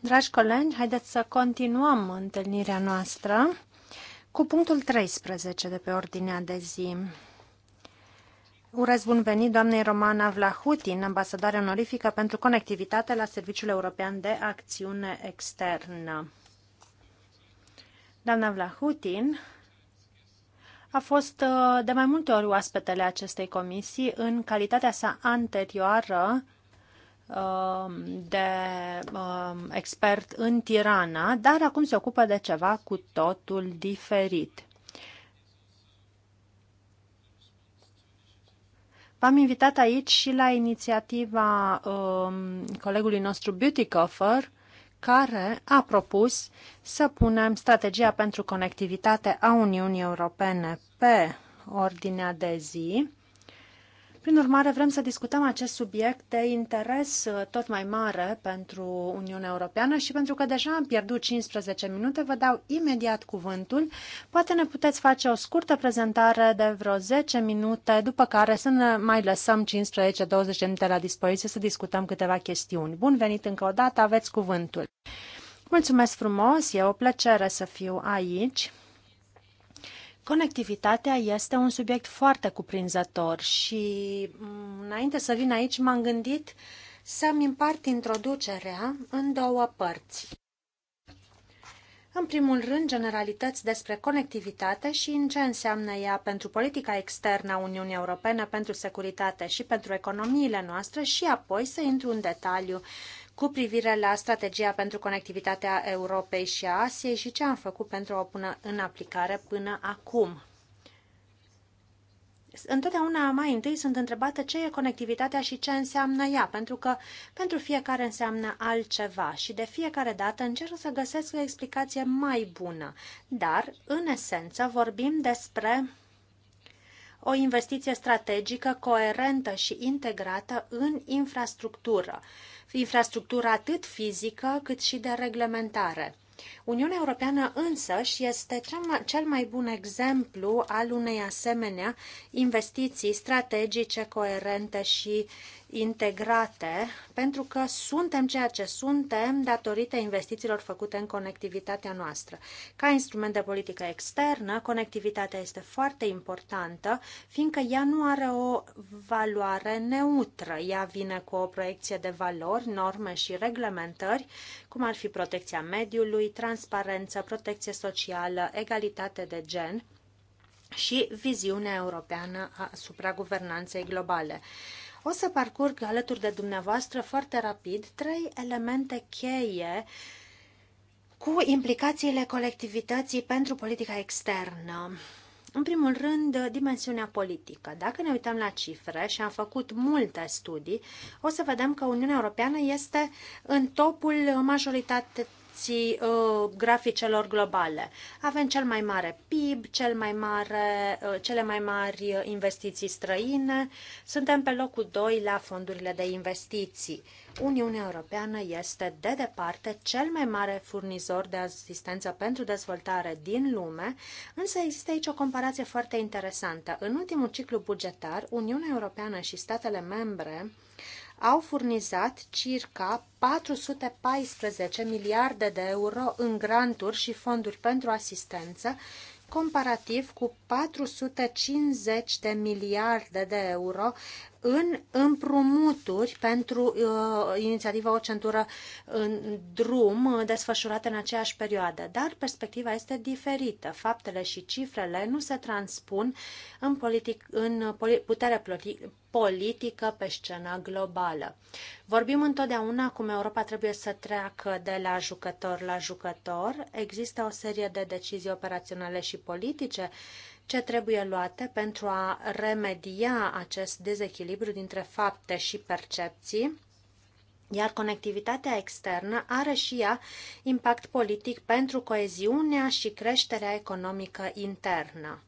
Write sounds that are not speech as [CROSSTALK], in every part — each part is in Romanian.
Dragi colegi, haideți să continuăm întâlnirea noastră cu punctul 13 de pe ordinea de zi. Urez bun venit doamnei Romana Vlahutin, ambasadoare onorifică pentru conectivitate la Serviciul European de Acțiune Externă. Doamna Vlahutin a fost uh, de mai multe ori oaspetele acestei comisii în calitatea sa anterioară Um, de um, expert în Tirana, dar acum se ocupă de ceva cu totul diferit. V-am invitat aici și la inițiativa um, colegului nostru Beauty Coffer, care a propus să punem strategia pentru conectivitate a Uniunii Europene pe ordinea de zi prin urmare, vrem să discutăm acest subiect de interes uh, tot mai mare pentru Uniunea Europeană și pentru că deja am pierdut 15 minute, vă dau imediat cuvântul. Poate ne puteți face o scurtă prezentare de vreo 10 minute, după care să ne mai lăsăm 15-20 minute la dispoziție să discutăm câteva chestiuni. Bun venit încă o dată, aveți cuvântul. Mulțumesc frumos, e o plăcere să fiu aici. Conectivitatea este un subiect foarte cuprinzător și mm, înainte să vin aici m-am gândit să-mi împart introducerea în două părți. În primul rând, generalități despre conectivitate și în ce înseamnă ea pentru politica externă a Uniunii Europene, pentru securitate și pentru economiile noastre și apoi să intru în detaliu cu privire la strategia pentru conectivitatea Europei și a Asiei și ce am făcut pentru a o pune în aplicare până acum. Întotdeauna mai întâi sunt întrebată ce e conectivitatea și ce înseamnă ea, pentru că pentru fiecare înseamnă altceva și de fiecare dată încerc să găsesc o explicație mai bună. Dar, în esență, vorbim despre o investiție strategică, coerentă și integrată în infrastructură infrastructură atât fizică cât și de reglementare. Uniunea Europeană însă, și este cel mai bun exemplu al unei asemenea investiții strategice, coerente și integrate, pentru că suntem ceea ce suntem datorită investițiilor făcute în conectivitatea noastră. Ca instrument de politică externă, conectivitatea este foarte importantă, fiindcă ea nu are o valoare neutră. Ea vine cu o proiecție de valori, norme și reglementări, cum ar fi protecția mediului, transparență, protecție socială, egalitate de gen și viziunea europeană asupra guvernanței globale. O să parcurg alături de dumneavoastră foarte rapid trei elemente cheie cu implicațiile colectivității pentru politica externă. În primul rând, dimensiunea politică. Dacă ne uităm la cifre și am făcut multe studii, o să vedem că Uniunea Europeană este în topul majoritatea conformații uh, graficelor globale. Avem cel mai mare PIB, cel mai mare, uh, cele mai mari uh, investiții străine, suntem pe locul 2 la fondurile de investiții. Uniunea Europeană este de departe cel mai mare furnizor de asistență pentru dezvoltare din lume, însă există aici o comparație foarte interesantă. În ultimul ciclu bugetar, Uniunea Europeană și statele membre au furnizat circa 414 miliarde de euro în granturi și fonduri pentru asistență, comparativ cu 450 de miliarde de euro în împrumuturi pentru uh, inițiativa O Centură în Drum uh, desfășurată în aceeași perioadă. Dar perspectiva este diferită. Faptele și cifrele nu se transpun în, politic, în poli, putere politică pe scena globală. Vorbim întotdeauna cum Europa trebuie să treacă de la jucător la jucător. Există o serie de decizii operaționale și politice ce trebuie luate pentru a remedia acest dezechilibru dintre fapte și percepții, iar conectivitatea externă are și ea impact politic pentru coeziunea și creșterea economică internă.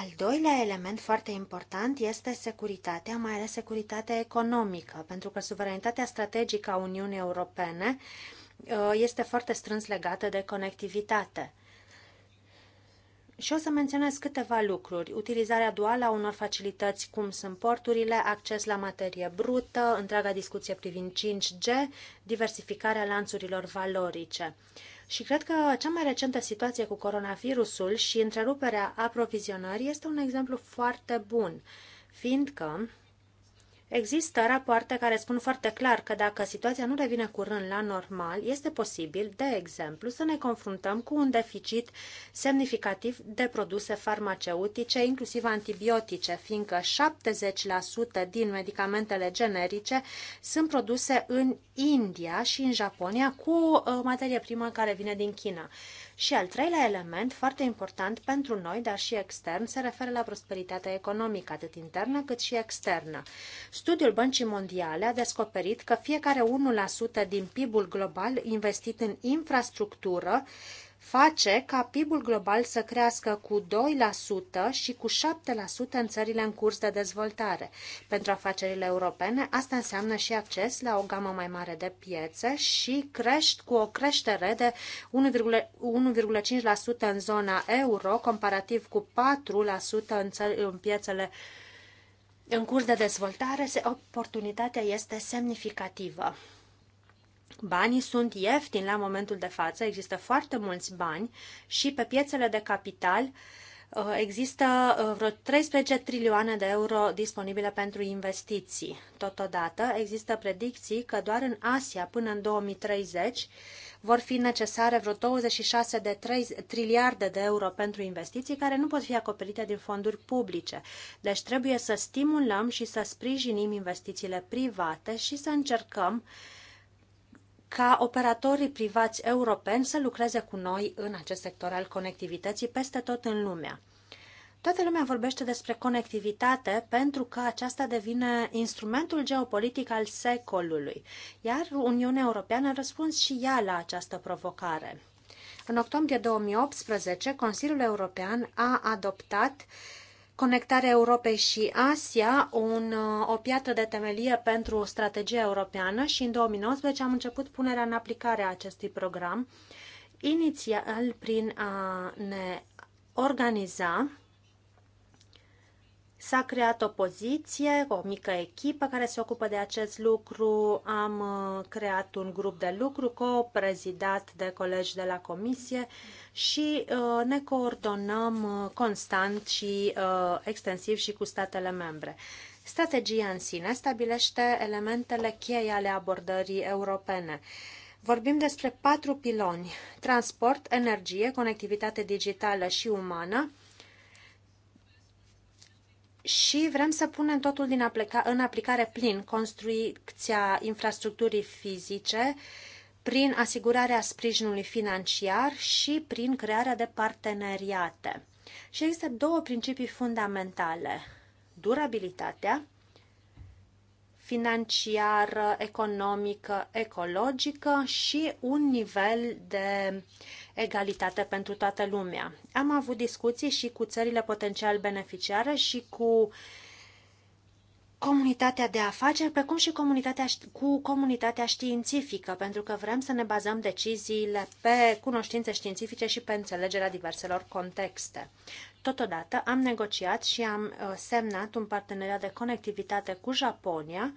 Al doilea element foarte important este securitatea, mai ales securitatea economică, pentru că suveranitatea strategică a Uniunii Europene uh, este foarte strâns legată de conectivitate. Și o să menționez câteva lucruri. Utilizarea duală a unor facilități cum sunt porturile, acces la materie brută, întreaga discuție privind 5G, diversificarea lanțurilor valorice. Uh, și cred că cea mai recentă situație cu coronavirusul și întreruperea aprovizionării este un exemplu foarte bun, fiindcă Există rapoarte care spun foarte clar că dacă situația nu revine curând la normal, este posibil, de exemplu, să ne confruntăm cu un deficit semnificativ de produse farmaceutice, inclusiv antibiotice, fiindcă 70% din medicamentele generice sunt produse în India și în Japonia cu uh, materie primă care vine din China. Și al treilea element, foarte important pentru noi, dar și extern, se referă la prosperitatea economică, atât internă cât și externă. Studiul Băncii Mondiale a descoperit că fiecare 1% din PIB-ul global investit în infrastructură face ca PIB-ul global să crească cu 2% și cu 7% în țările în curs de dezvoltare. Pentru afacerile europene, asta înseamnă și acces la o gamă mai mare de piețe și crești cu o creștere de 1,5% în zona euro, comparativ cu 4% în, țări, în piețele în curs de dezvoltare, oportunitatea este semnificativă. Banii sunt ieftini la momentul de față, există foarte mulți bani și pe piețele de capital uh, există uh, vreo 13 trilioane de euro disponibile pentru investiții. Totodată există predicții că doar în Asia până în 2030 vor fi necesare vreo 26 de 3 triliarde de euro pentru investiții care nu pot fi acoperite din fonduri publice. Deci trebuie să stimulăm și să sprijinim investițiile private și să încercăm uh, ca operatorii privați europeni să lucreze cu noi în acest sector al conectivității peste tot în lumea. Toată lumea vorbește despre conectivitate pentru că aceasta devine instrumentul geopolitic al secolului, iar Uniunea Europeană a răspuns și ea la această provocare. În octombrie 2018, Consiliul European a adoptat uh, Conectarea Europei și Asia, un, uh, o piatră de temelie pentru strategia europeană și în 2019 am început punerea în aplicare a acestui program, inițial prin a ne organiza S-a creat o poziție, o mică echipă care se ocupă de acest lucru. Am uh, creat un grup de lucru co-prezidat de colegi de la comisie și uh, ne coordonăm uh, constant și extensiv și cu statele membre. Strategia în sine stabilește elementele cheie ale abordării europene. Vorbim despre patru piloni: transport, energie, conectivitate digitală și umană și vrem să punem totul din aplica- în aplicare plin, construcția infrastructurii fizice, prin asigurarea sprijinului financiar și prin crearea de parteneriate. Și există două principii fundamentale. Durabilitatea financiară, economică, ecologică și un nivel de uh, egalitate pentru toată lumea. Am avut discuții și cu țările potențial beneficiare și cu comunitatea de afaceri, precum și comunitatea, cu comunitatea științifică, pentru că vrem să ne bazăm deciziile pe cunoștințe științifice și pe înțelegerea diverselor contexte. Totodată am negociat și am uh, semnat un parteneriat de conectivitate cu Japonia,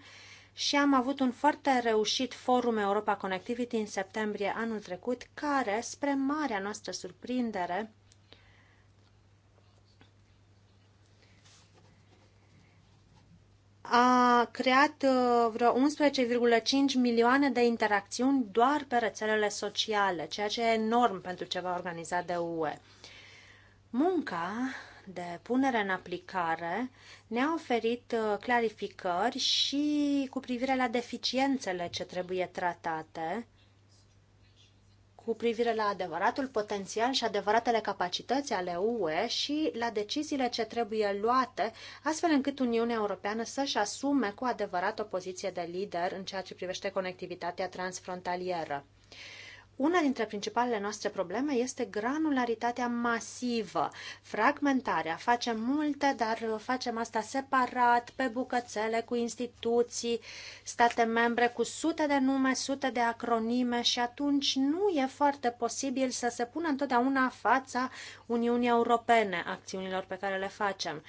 și am avut un foarte reușit forum Europa Connectivity în septembrie anul trecut, care, spre marea noastră surprindere, a creat uh, vreo 11,5 milioane de interacțiuni doar pe rețelele sociale, ceea ce e enorm pentru ceva organizat de UE. Munca de punere în aplicare ne-a oferit uh, clarificări și cu privire la deficiențele ce trebuie tratate, cu privire la adevăratul potențial și adevăratele capacități ale UE și la deciziile ce trebuie luate, astfel încât Uniunea Europeană să-și asume cu adevărat o poziție de lider în ceea ce privește conectivitatea transfrontalieră. Una dintre principalele noastre probleme este granularitatea masivă, fragmentarea. Facem multe, dar facem asta separat, pe bucățele, cu instituții, state membre, cu sute de nume, sute de acronime și atunci nu e foarte posibil să se pună întotdeauna fața Uniunii Europene acțiunilor pe care le facem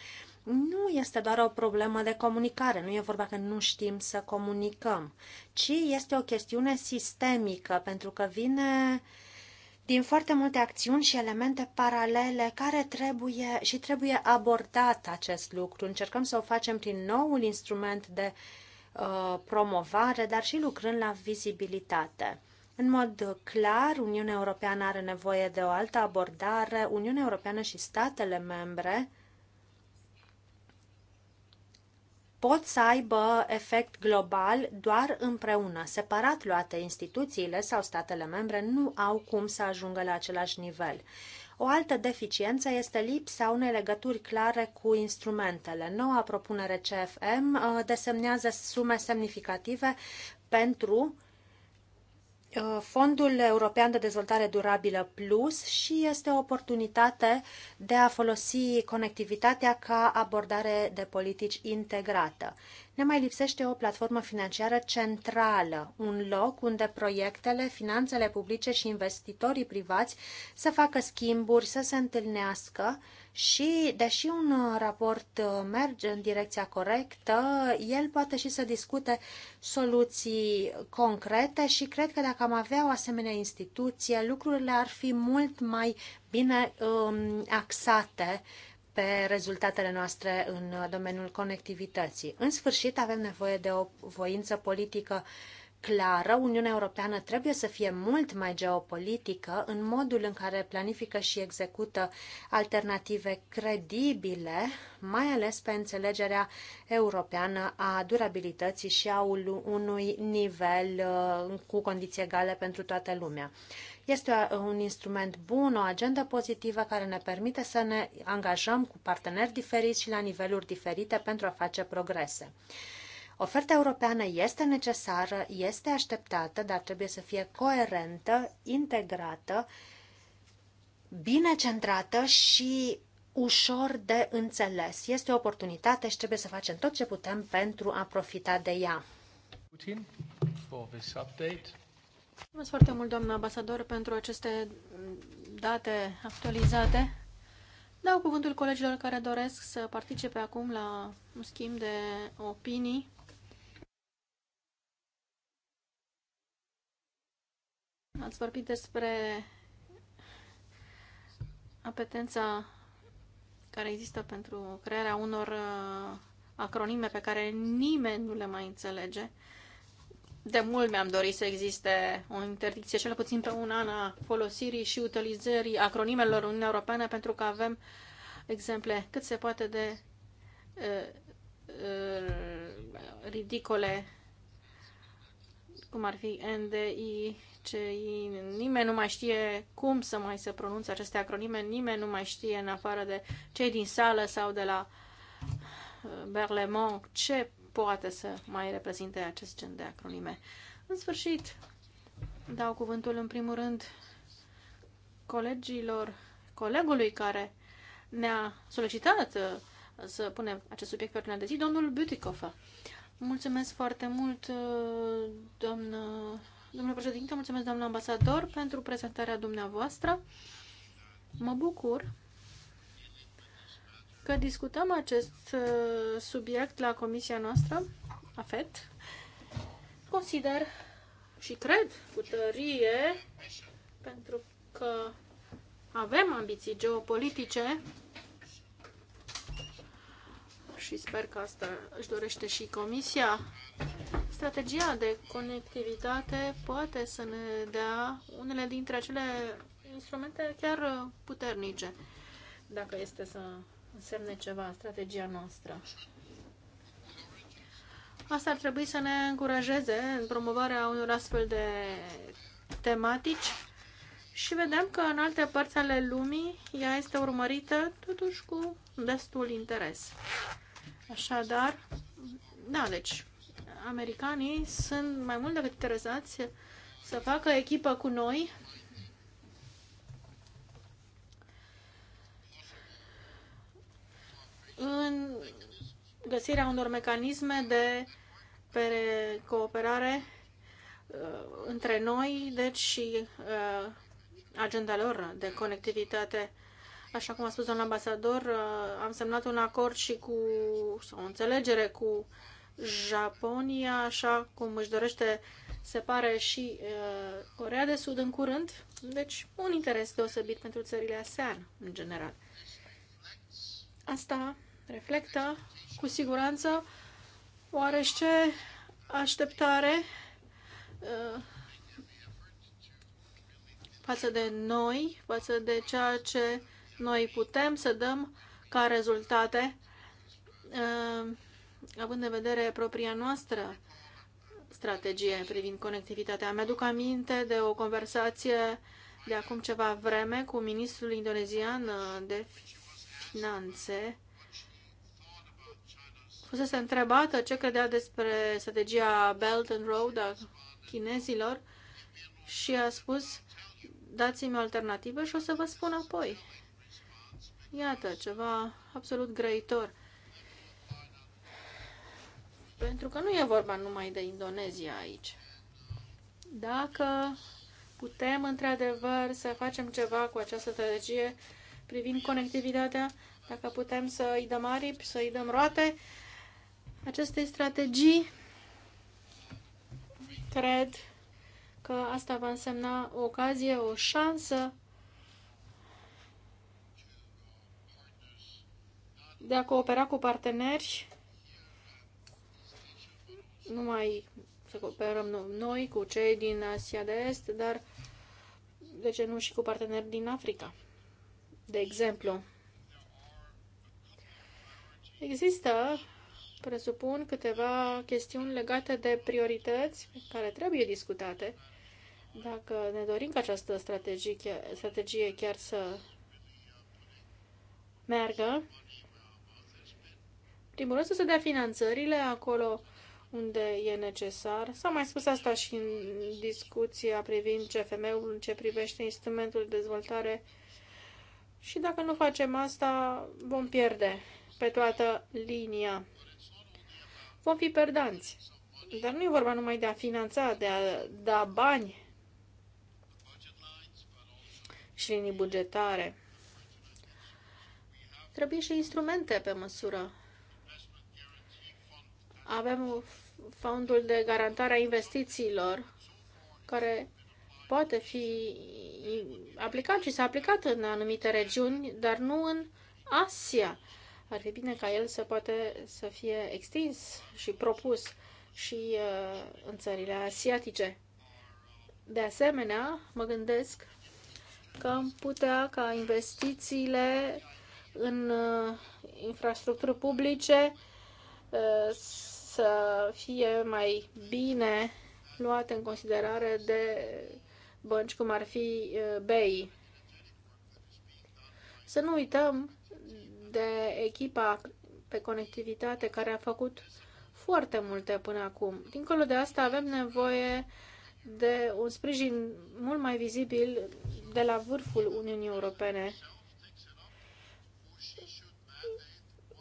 nu este doar o problemă de comunicare, nu e vorba că nu știm să comunicăm, ci este o chestiune sistemică, pentru că vine din foarte multe acțiuni și elemente paralele care trebuie și trebuie abordat acest lucru. Încercăm să o facem prin noul instrument de uh, promovare, dar și lucrând la vizibilitate. În mod clar, Uniunea Europeană are nevoie de o altă abordare. Uniunea Europeană și statele membre pot să aibă efect global doar împreună. Separat luate, instituțiile sau statele membre nu au cum să ajungă la același nivel. O altă deficiență este lipsa unei legături clare cu instrumentele. Noua propunere CFM uh, desemnează sume semnificative pentru Uh, Fondul European de Dezvoltare Durabilă Plus și este o oportunitate de a folosi conectivitatea ca abordare de politici integrată. Ne mai lipsește o platformă financiară centrală, un loc unde proiectele, finanțele publice și investitorii privați să facă schimburi, să se întâlnească și, deși un uh, raport uh, merge în direcția corectă, el poate și să discute soluții concrete și cred că dacă am avea o asemenea instituție, lucrurile ar fi mult mai bine um, axate pe rezultatele noastre în uh, domeniul conectivității. În sfârșit, avem nevoie de o voință politică uh, clară, Uniunea Europeană trebuie să fie mult mai geopolitică în modul în care planifică și execută alternative credibile, mai ales pe înțelegerea europeană a durabilității și a unui nivel uh, cu condiții egale pentru toată lumea. Este uh, un instrument bun, o agendă pozitivă care ne permite să ne angajăm cu parteneri diferiți și la niveluri diferite pentru a face progrese. Oferta europeană este necesară, este așteptată, dar trebuie să fie coerentă, integrată, bine centrată și ușor de înțeles. Este o oportunitate și trebuie să facem tot ce putem pentru a profita de ea. Putin, for this update. Mulțumesc foarte mult, doamnă ambasador, pentru aceste date actualizate. Dau cuvântul colegilor care doresc să participe acum la un schimb de opinii. Ați vorbit despre apetența care există pentru crearea unor uh, acronime pe care nimeni nu le mai înțelege. De mult mi-am dorit să existe o interdicție, cel puțin pe un an, a folosirii și utilizării acronimelor Uniunii europene, pentru că avem exemple cât se poate de uh, uh, ridicole, cum ar fi NDI, ce nimeni nu mai știe cum să mai se pronunțe aceste acronime, nimeni nu mai știe în afară de cei din sală sau de la uh, Berlemont ce poate să mai reprezinte acest gen de acronime. În sfârșit, dau cuvântul în primul rând colegilor, colegului care ne-a solicitat uh, să punem acest subiect pe ordinea de zi, domnul Butikofer. Mulțumesc foarte mult, uh, doamnă Domnule președinte, mulțumesc, doamnă ambasador, pentru prezentarea dumneavoastră. Mă bucur că discutăm acest uh, subiect la comisia noastră, AFET. Consider și cred cu tărie, pentru că avem ambiții geopolitice și sper că asta își dorește și comisia, Strategia de conectivitate poate să ne dea unele dintre acele instrumente chiar puternice, dacă este să însemne ceva strategia noastră. Asta ar trebui să ne încurajeze în promovarea unor astfel de tematici și vedem că în alte părți ale lumii ea este urmărită totuși cu destul interes. Așadar, da, deci americanii sunt mai mult decât interesați să facă echipă cu noi în găsirea unor mecanisme de cooperare uh, între noi, deci și uh, agenda lor de conectivitate. Așa cum a spus domnul ambasador, uh, am semnat un acord și cu, sau o înțelegere cu Japonia, așa cum își dorește, se pare, și uh, Corea de Sud în curând. Deci, un interes deosebit pentru țările ASEAN, în general. Asta reflectă, cu siguranță, oarește așteptare uh, față de noi, față de ceea ce noi putem să dăm ca rezultate. Uh, având în vedere propria noastră strategie privind conectivitatea. Mi-aduc aminte de o conversație de acum ceva vreme cu ministrul indonezian uh, de finanțe. Fusese întrebată ce credea despre strategia Belt and Road a chinezilor și a spus dați-mi o alternativă și o să vă spun apoi. Iată, ceva absolut grăitor. Pentru că nu e vorba numai de Indonezia aici. Dacă putem, într-adevăr, să facem ceva cu această strategie privind conectivitatea, dacă putem să îi dăm aripi, să îi dăm roate, acestei strategii, cred că asta va însemna o ocazie, o șansă de a coopera cu parteneri nu mai să cooperăm noi cu cei din Asia de Est, dar de ce nu și cu parteneri din Africa? De exemplu, există, presupun, câteva chestiuni legate de priorități care trebuie discutate dacă ne dorim ca această strategie, strategie chiar să meargă. Primul rând să se dea finanțările acolo unde e necesar. S-a mai spus asta și în discuția privind CFM-ul în ce privește instrumentul de dezvoltare și dacă nu facem asta, vom pierde pe toată linia. Vom fi perdanți. Dar nu e vorba numai de a finanța, de a da bani și linii bugetare. Trebuie și instrumente pe măsură avem fondul de garantare a investițiilor, care poate fi aplicat și s-a aplicat în anumite regiuni, dar nu în Asia. Ar fi bine ca el să poate să fie extins și propus și uh, în țările asiatice. De asemenea, mă gândesc că am putea ca investițiile în uh, infrastructuri publice uh, să fie mai bine luate în considerare de bănci cum ar fi BEI. Să nu uităm de echipa pe conectivitate care a făcut foarte multe până acum. Dincolo de asta avem nevoie de un sprijin mult mai vizibil de la vârful Uniunii Europene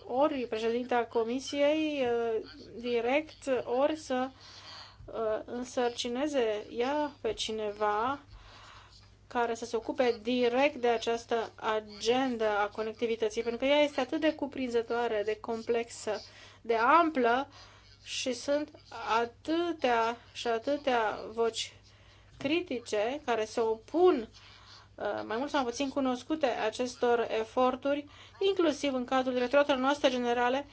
ori președinta comisiei uh, direct, ori să uh, însărcineze ea pe cineva care să se ocupe direct de această agenda a conectivității, pentru că ea este atât de cuprinzătoare, de complexă, de amplă și sunt atâtea și atâtea voci critice care se opun uh, Uh, mai mult sau puțin cunoscute acestor eforturi, inclusiv în cadrul directoratelor noastre generale,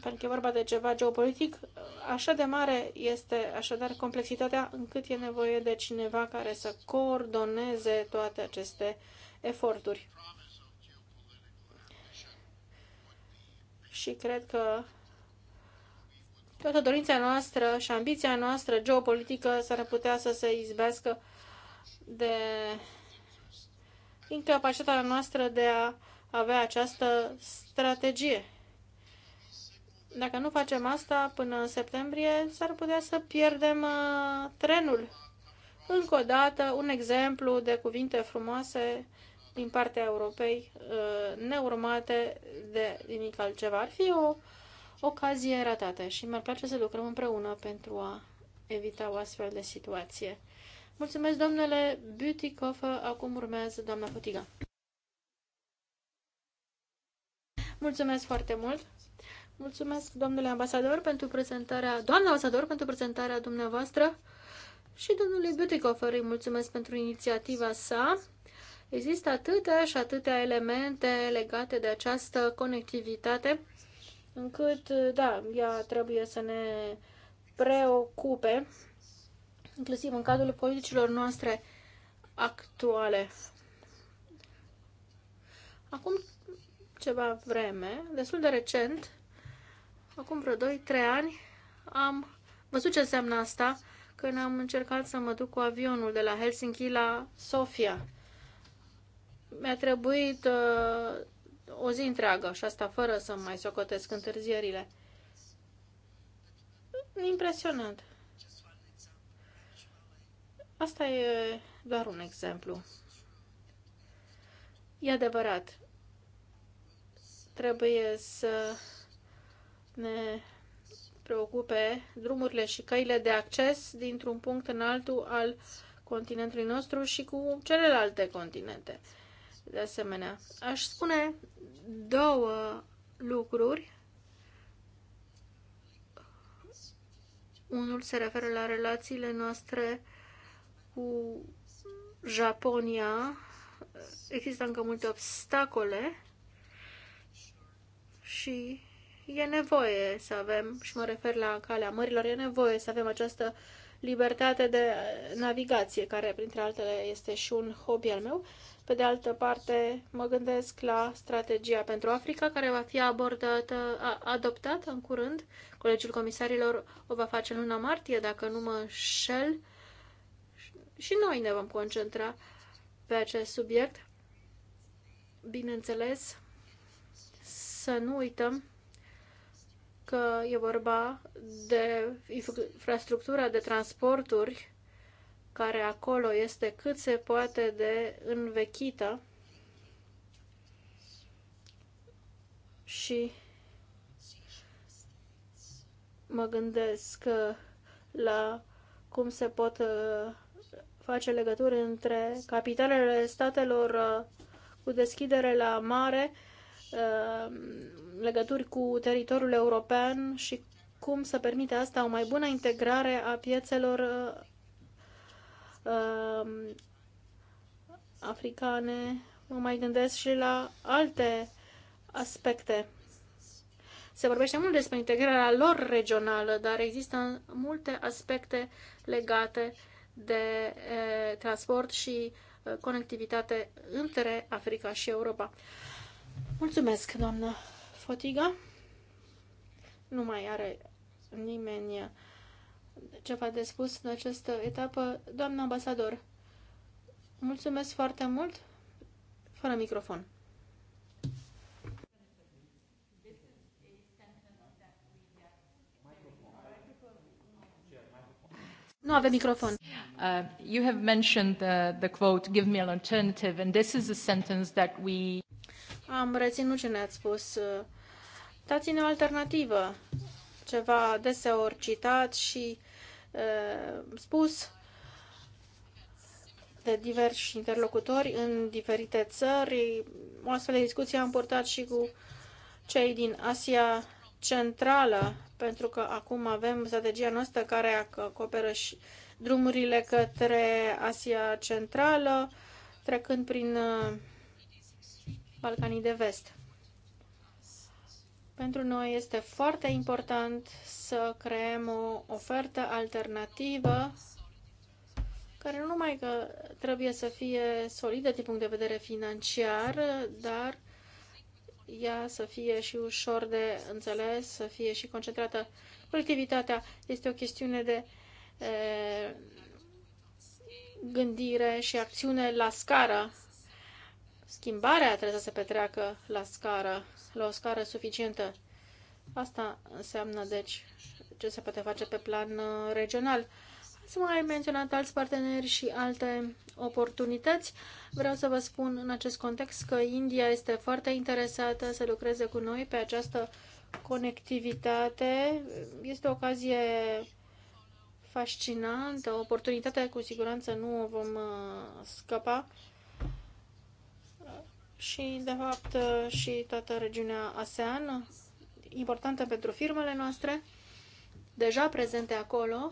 pentru că e vorba de ceva geopolitic, așa de mare este așadar complexitatea încât e nevoie de cineva care să coordoneze toate aceste eforturi. Și cred că toată dorința noastră și ambiția noastră geopolitică s-ar putea să se izbească de incapacitatea noastră de a avea această strategie. Dacă nu facem asta până în septembrie, s-ar putea să pierdem uh, trenul. Încă o dată, un exemplu de cuvinte frumoase din partea Europei, uh, neurmate de nimic altceva. Ar fi o ocazie ratată și mi-ar place să lucrăm împreună pentru a evita o astfel de situație. Mulțumesc, domnule Butikofer. Acum urmează doamna Fotiga. Mulțumesc foarte mult. Mulțumesc, domnule ambasador, pentru prezentarea, doamna ambasador, pentru prezentarea dumneavoastră și domnului Butikofer îi mulțumesc pentru inițiativa sa. Există atâtea și atâtea elemente legate de această conectivitate încât, da, ea trebuie să ne preocupe inclusiv în cadrul politicilor noastre actuale. Acum ceva vreme, destul de recent, acum vreo 2-3 ani, am văzut ce înseamnă asta când am încercat să mă duc cu avionul de la Helsinki la Sofia. Mi-a trebuit uh, o zi întreagă și asta fără să mai socotesc întârzierile. Impresionant. Asta e doar un exemplu. E adevărat. Trebuie să ne preocupe drumurile și căile de acces dintr-un punct în altul al continentului nostru și cu celelalte continente. De asemenea, aș spune două lucruri. Unul se referă la relațiile noastre cu Japonia există încă multe obstacole și e nevoie să avem, și mă refer la calea mărilor, e nevoie să avem această libertate de navigație, care printre altele este și un hobby al meu. Pe de altă parte, mă gândesc la strategia pentru Africa, care va fi abordată, a, adoptată în curând. Colegiul Comisarilor o va face în luna martie, dacă nu mă șel și noi ne vom concentra pe acest subiect. Bineînțeles, să nu uităm că e vorba de infrastructura de transporturi care acolo este cât se poate de învechită și mă gândesc la cum se pot uh, face legături între capitalele statelor uh, cu deschidere la mare, uh, legături cu teritoriul european și cum să permite asta o mai bună integrare a piețelor uh, um, africane. Mă mai gândesc și la alte aspecte. Se vorbește mult despre integrarea lor regională, dar există multe aspecte legate de transport și conectivitate între Africa și Europa. Mulțumesc, doamnă Fotiga. Nu mai are nimeni ceva de spus în această etapă. Doamnă ambasador, mulțumesc foarte mult. Fără microfon. Nu avem microfon. Uh, you have mentioned the, the quote, give me an alternative, and this is a sentence that we... Am reținut ce ne-ați spus. Dați-ne o alternativă. Ceva deseori citat și uh, spus de diversi interlocutori în diferite țări. O astfel de discuție am portat și cu cei din Asia Centrală, pentru că acum avem strategia noastră care acoperă și uh, drumurile către Asia Centrală, trecând prin uh, Balcanii de Vest. Pentru noi este foarte important să creăm o ofertă alternativă care nu numai că trebuie să fie solidă din punct de vedere financiar, dar ea să fie și ușor de înțeles, să fie și concentrată. Colectivitatea este o chestiune de gândire și acțiune la scară. Schimbarea trebuie să se petreacă la scară, la o scară suficientă. Asta înseamnă, deci, ce se poate face pe plan uh, regional. Ați mai menționat alți parteneri și alte oportunități. Vreau să vă spun în acest context că India este foarte interesată să lucreze cu noi pe această conectivitate. Este o ocazie fascinantă, o oportunitate cu siguranță nu o vom uh, scăpa și, de fapt, uh, și toată regiunea ASEAN, importantă pentru firmele noastre, deja prezente acolo,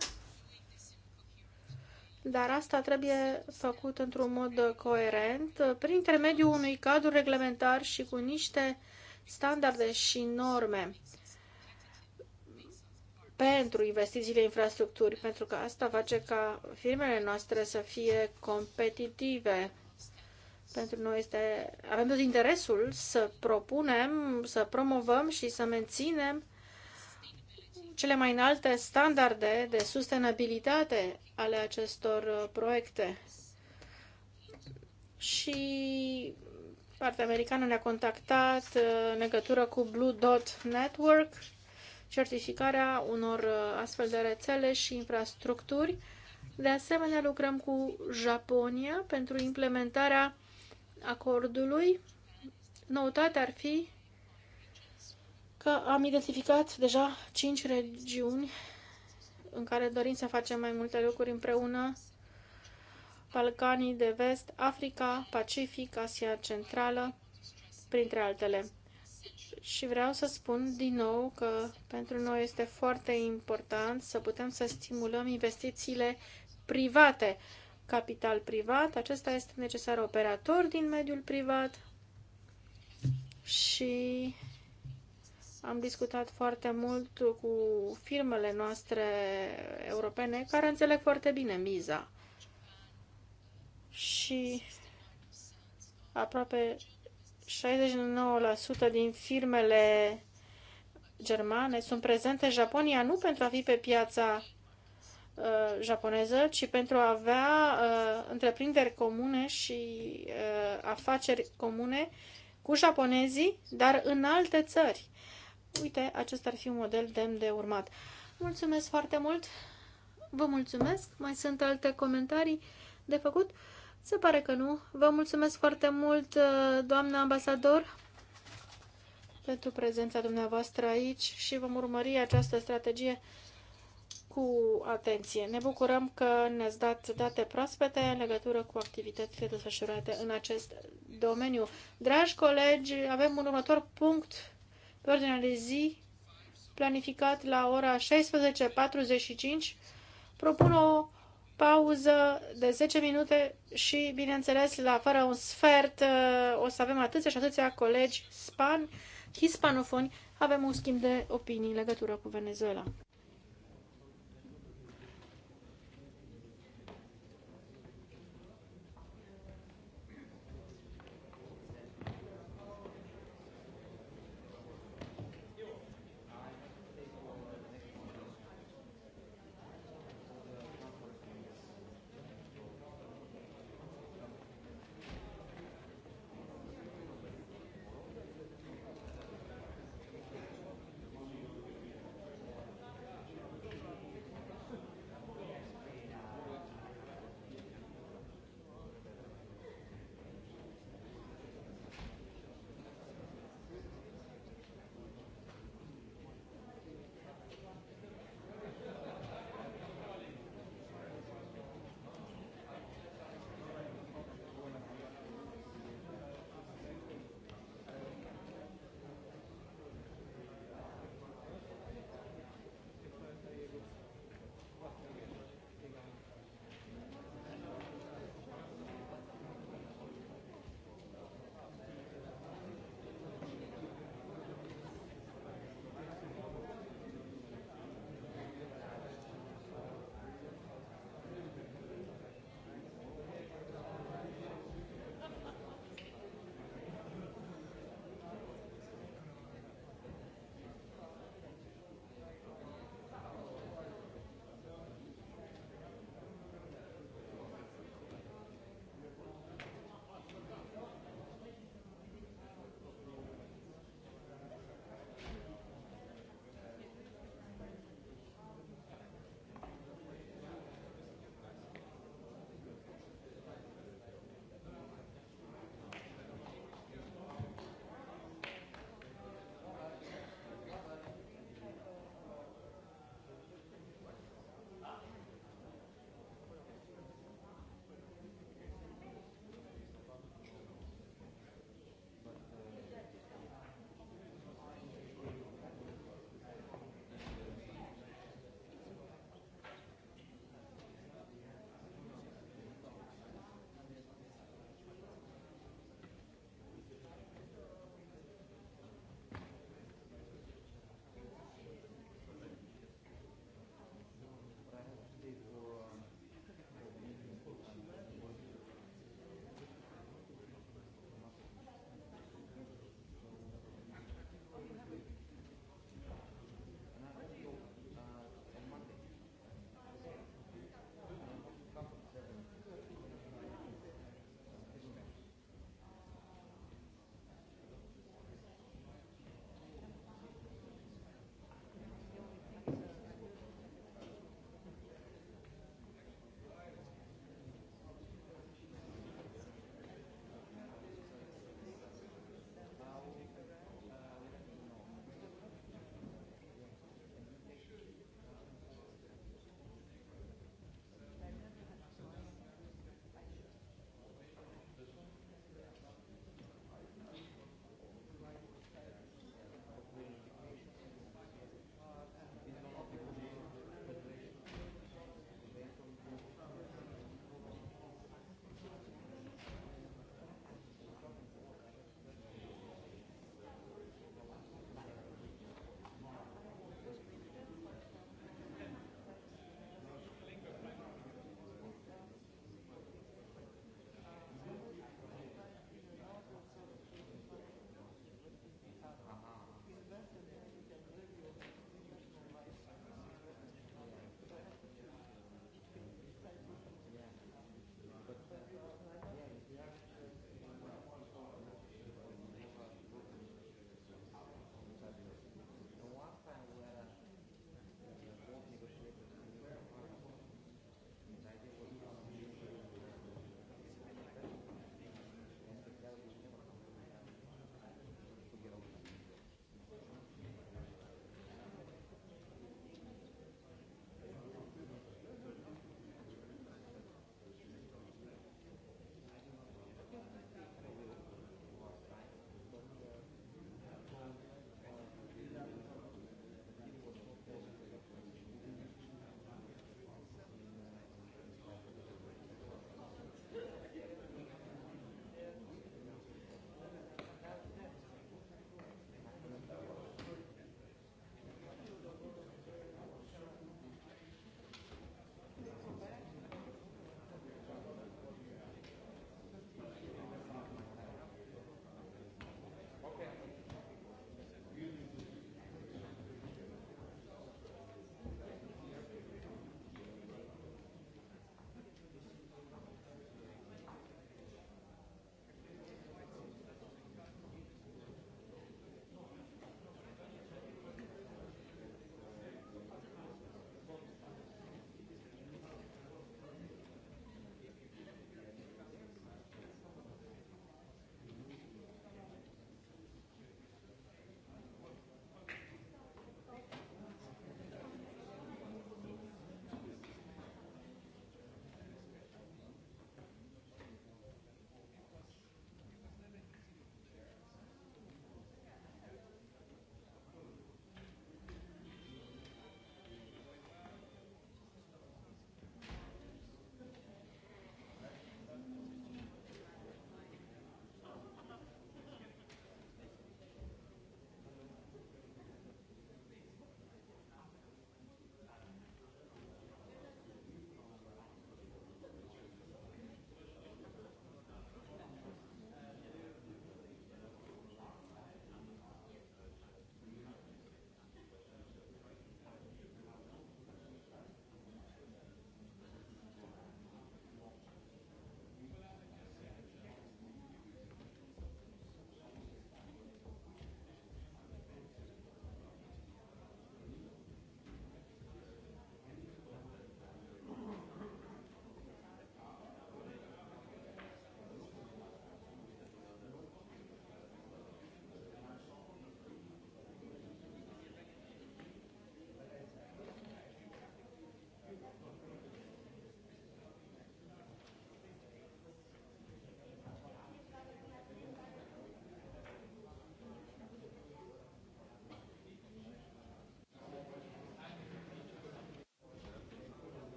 dar asta trebuie făcut într-un mod coerent, uh, prin intermediul unui cadru reglementar și cu niște standarde și norme pentru investițiile în infrastructuri, pentru că asta face ca firmele noastre să fie competitive. Pentru noi este, avem tot interesul să propunem, să promovăm și să menținem cele mai înalte standarde de sustenabilitate ale acestor uh, proiecte. Și partea americană ne-a contactat uh, în legătură cu Blue Dot Network certificarea unor uh, astfel de rețele și infrastructuri. De asemenea, lucrăm cu Japonia pentru implementarea acordului. Noutatea ar fi că am identificat deja 5 regiuni în care dorim să facem mai multe lucruri împreună. Balcanii de vest, Africa, Pacific, Asia Centrală, printre altele. Și vreau să spun din nou că pentru noi este foarte important să putem să stimulăm investițiile private, capital privat, acesta este necesar operator din mediul privat și am discutat foarte mult cu firmele noastre europene care înțeleg foarte bine miza și aproape 69% din firmele germane sunt prezente în Japonia nu pentru a fi pe piața uh, japoneză, ci pentru a avea uh, întreprinderi comune și uh, afaceri comune cu japonezii, dar în alte țări. Uite, acesta ar fi un model demn de urmat. Mulțumesc foarte mult! Vă mulțumesc! Mai sunt alte comentarii de făcut? Se pare că nu. Vă mulțumesc foarte mult, uh, doamna ambasador, pentru prezența dumneavoastră aici și vom urmări această strategie cu atenție. Ne bucurăm că ne-ați dat date proaspete în legătură cu activitățile desfășurate în acest domeniu. Dragi colegi, avem un următor punct pe ordinea de zi planificat la ora 16.45. Propun o pauză de 10 minute și, bineînțeles, la fără un sfert uh, o să avem atâția și atâția colegi span, hispanofoni, avem un schimb de opinii în legătură cu Venezuela.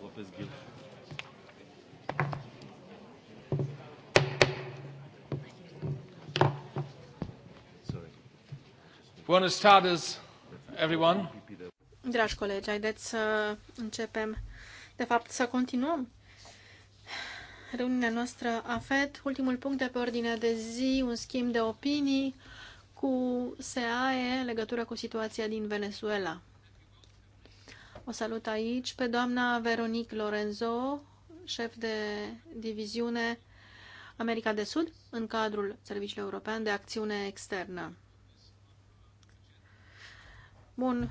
López Gil. Buenas tardes, everyone. Dragi colegi, haideți să începem, de fapt să continuăm reuniunea noastră a FED. Ultimul punct de pe ordinea de zi, un schimb de opinii cu SAE legătură cu situația din Venezuela salut aici pe doamna Veronique Lorenzo, șef de diviziune America de Sud în cadrul Serviciului European de Acțiune Externă. Bun,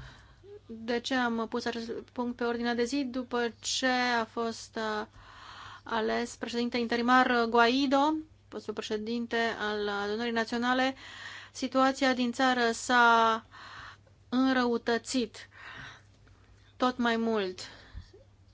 de ce am pus acest punct pe ordinea de zi? După ce a fost uh, ales președinte interimar Guaido, postul președinte al adunării naționale, situația din țară s-a înrăutățit tot mai mult.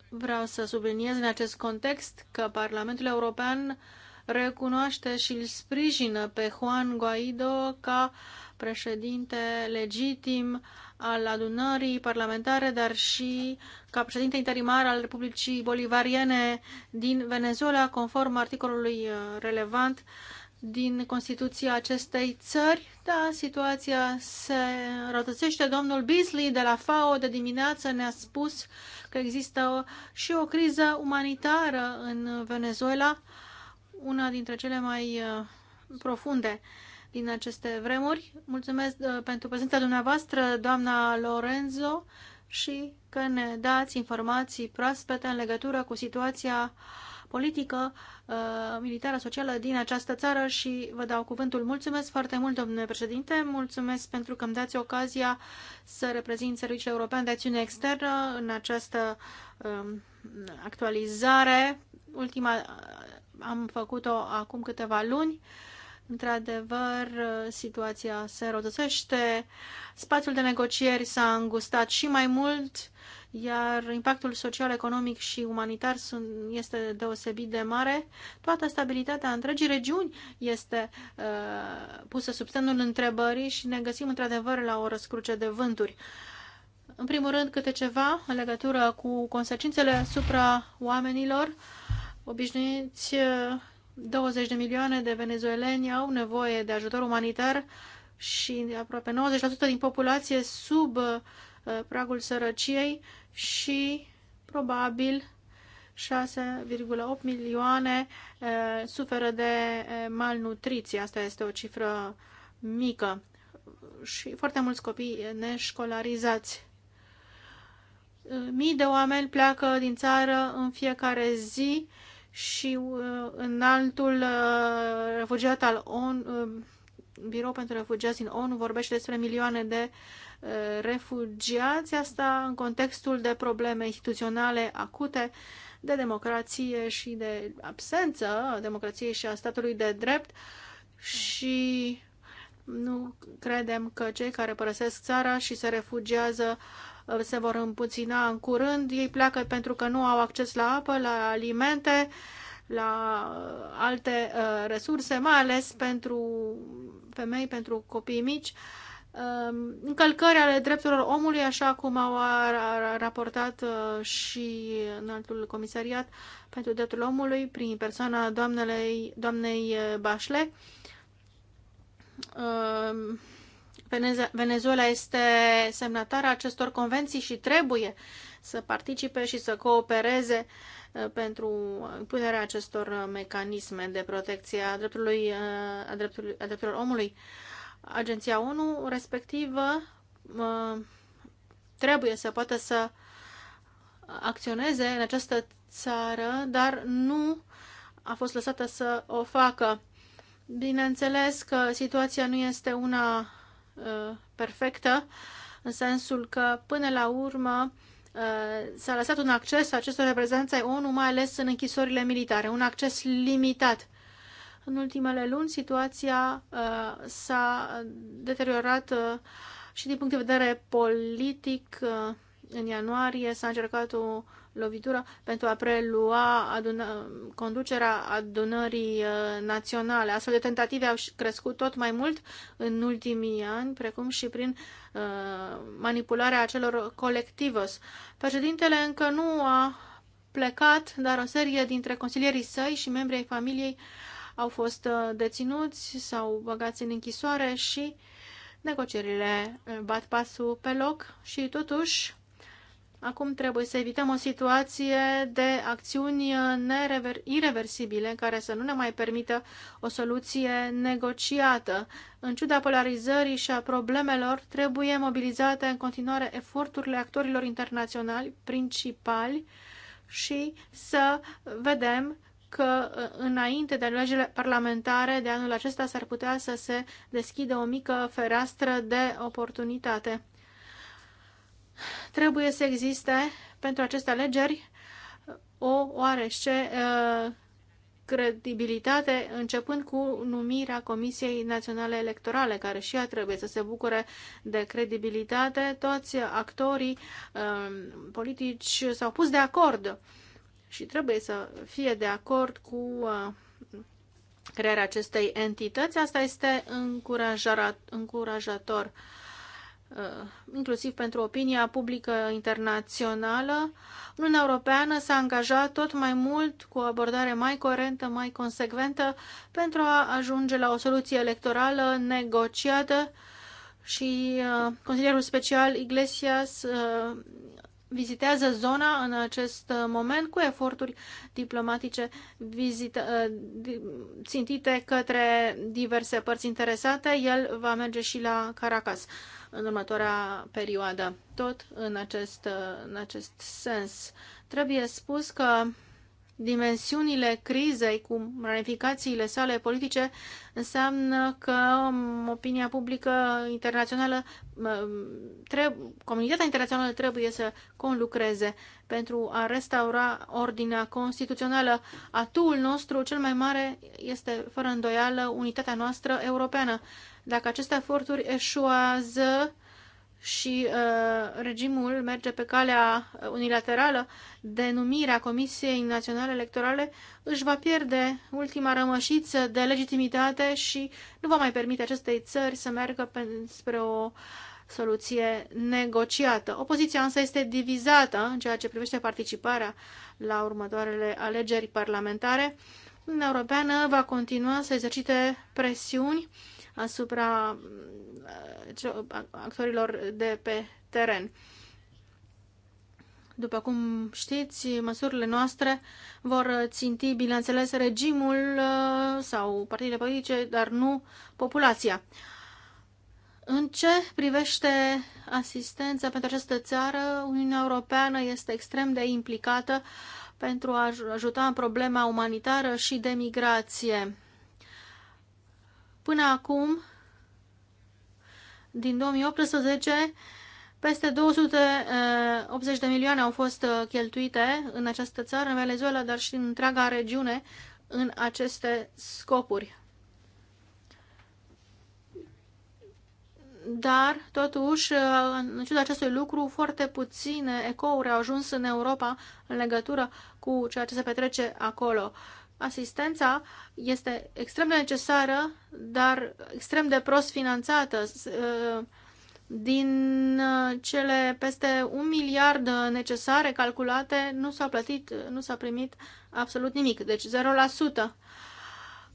Vreau să subliniez în acest context că Parlamentul European recunoaște și îl sprijină pe Juan Guaido ca președinte legitim al adunării parlamentare, dar și ca președinte interimar al Republicii Bolivariene din Venezuela, conform articolului uh, relevant din Constituția acestei țări. Da, situația se rătăcește. Domnul Beasley de la FAO de dimineață ne-a spus că există și o criză umanitară în Venezuela, una dintre cele mai uh, profunde din aceste vremuri. Mulțumesc uh, pentru prezența dumneavoastră, doamna Lorenzo, și că ne dați informații proaspete în legătură cu situația uh, politică uh, militară socială din această țară și vă dau cuvântul. Mulțumesc foarte mult, domnule președinte, mulțumesc pentru că îmi dați ocazia să reprezint Serviciul European de Acțiune Externă în această um, actualizare. Ultima am făcut-o acum câteva luni. Într-adevăr, situația se rotățește, spațiul de negocieri s-a îngustat și mai mult, iar impactul social, economic și umanitar sunt, este deosebit de mare. Toată stabilitatea întregii regiuni este uh, pusă sub semnul întrebării și ne găsim într-adevăr la o răscruce de vânturi. În primul rând, câte ceva în legătură cu consecințele asupra oamenilor obișnuiți uh, 20 de milioane de venezueleni au nevoie de ajutor umanitar și aproape 90% din populație sub uh, pragul sărăciei și probabil 6,8 milioane uh, suferă de uh, malnutriție. Asta este o cifră mică și foarte mulți copii neșcolarizați. Mii de oameni pleacă din țară în fiecare zi și uh, altul uh, refugiat al ONU, uh, Birou pentru Refugiați din ONU vorbește despre milioane de uh, refugiați, asta în contextul de probleme instituționale acute de democrație și de absență democrației și a statului de drept și nu credem că cei care părăsesc țara și se refugiază uh, Uh, se vor împuțina în curând, ei pleacă pentru că nu au acces la apă, la alimente, la uh, alte uh, resurse, mai ales pentru femei, pentru copii mici. Uh, încălcări ale drepturilor omului, așa cum au raportat uh, și în altul comisariat pentru dreptul omului, prin persoana doamnei, doamnei uh, Bașle. Uh, Venezuela este semnatara acestor convenții și trebuie să participe și să coopereze uh, pentru impunerea acestor uh, mecanisme de protecție a, uh, a, dreptului, a drepturilor omului. Agenția ONU, respectiv, trebuie să poată să acționeze în această țară, dar nu a fost lăsată să o facă. Bineînțeles că situația nu este una Uh, perfectă, în sensul că, până la urmă, uh, s-a lăsat un acces acestor reprezentanți ai ONU, mai ales în închisorile militare, un acces limitat. În ultimele luni, situația uh, s-a deteriorat și din punct de vedere politic. În ianuarie s-a încercat o lovitură pentru a prelua adună, conducerea adunării uh, naționale. Astfel de tentative au crescut tot mai mult în ultimii ani, precum și prin uh, manipularea acelor colectivos. Președintele încă nu a plecat, dar o serie dintre consilierii săi și membrii familiei au fost uh, deținuți sau băgați în închisoare și negocierile bat pasul pe loc și totuși Acum trebuie să evităm o situație de acțiuni irreversibile care să nu ne mai permită o soluție negociată. În ciuda polarizării și a problemelor, trebuie mobilizate în continuare eforturile actorilor internaționali principali și să vedem că uh, înainte de alegerile parlamentare de anul acesta s-ar putea să se deschidă o mică fereastră de oportunitate trebuie să existe pentru aceste alegeri o oarește uh, credibilitate, începând cu numirea Comisiei Naționale Electorale, care și ea trebuie să se bucure de credibilitate. Toți actorii uh, politici s-au pus de acord și trebuie să fie de acord cu uh, crearea acestei entități. Asta este încurajator. Uh, inclusiv pentru opinia publică internațională, Uniunea Europeană s-a angajat tot mai mult cu o abordare mai corentă, mai consecventă pentru a ajunge la o soluție electorală negociată și uh, consilierul special Iglesias uh, vizitează zona în acest uh, moment cu eforturi diplomatice uh, țintite către diverse părți interesate. El va merge și la Caracas în următoarea perioadă. Tot în acest, în acest sens. Trebuie spus că dimensiunile crizei cu ramificațiile sale politice înseamnă că um, opinia publică internațională, um, trebuie, comunitatea internațională trebuie să conlucreze pentru a restaura ordinea constituțională. Atul nostru cel mai mare este, fără îndoială, unitatea noastră europeană. Dacă aceste eforturi eșuează și uh, regimul merge pe calea unilaterală denumirea Comisiei Naționale Electorale, își va pierde ultima rămășiță de legitimitate și nu va mai permite acestei țări să meargă pe, spre o soluție negociată. Opoziția însă este divizată în ceea ce privește participarea la următoarele alegeri parlamentare. Uniunea Europeană va continua să exercite presiuni asupra mm, actorilor de pe teren. După cum știți, măsurile noastre vor ținti, bineînțeles, regimul uh, sau partidele politice, dar nu populația. În ce privește asistența pentru această țară, Uniunea Europeană este extrem de implicată pentru a ajuta în problema umanitară și de migrație. Până acum, din 2018, peste 280 de milioane au fost uh, cheltuite în această țară, în Venezuela, dar și în întreaga regiune, în aceste scopuri. Dar, totuși, uh, în ciuda acestui lucru, foarte puține ecouri au ajuns în Europa în legătură cu ceea ce se petrece acolo. Asistența este extrem de necesară, dar extrem de prost finanțată. Uh, din uh, cele peste un miliard necesare calculate, nu s-a plătit, nu s-a primit absolut nimic, deci 0%.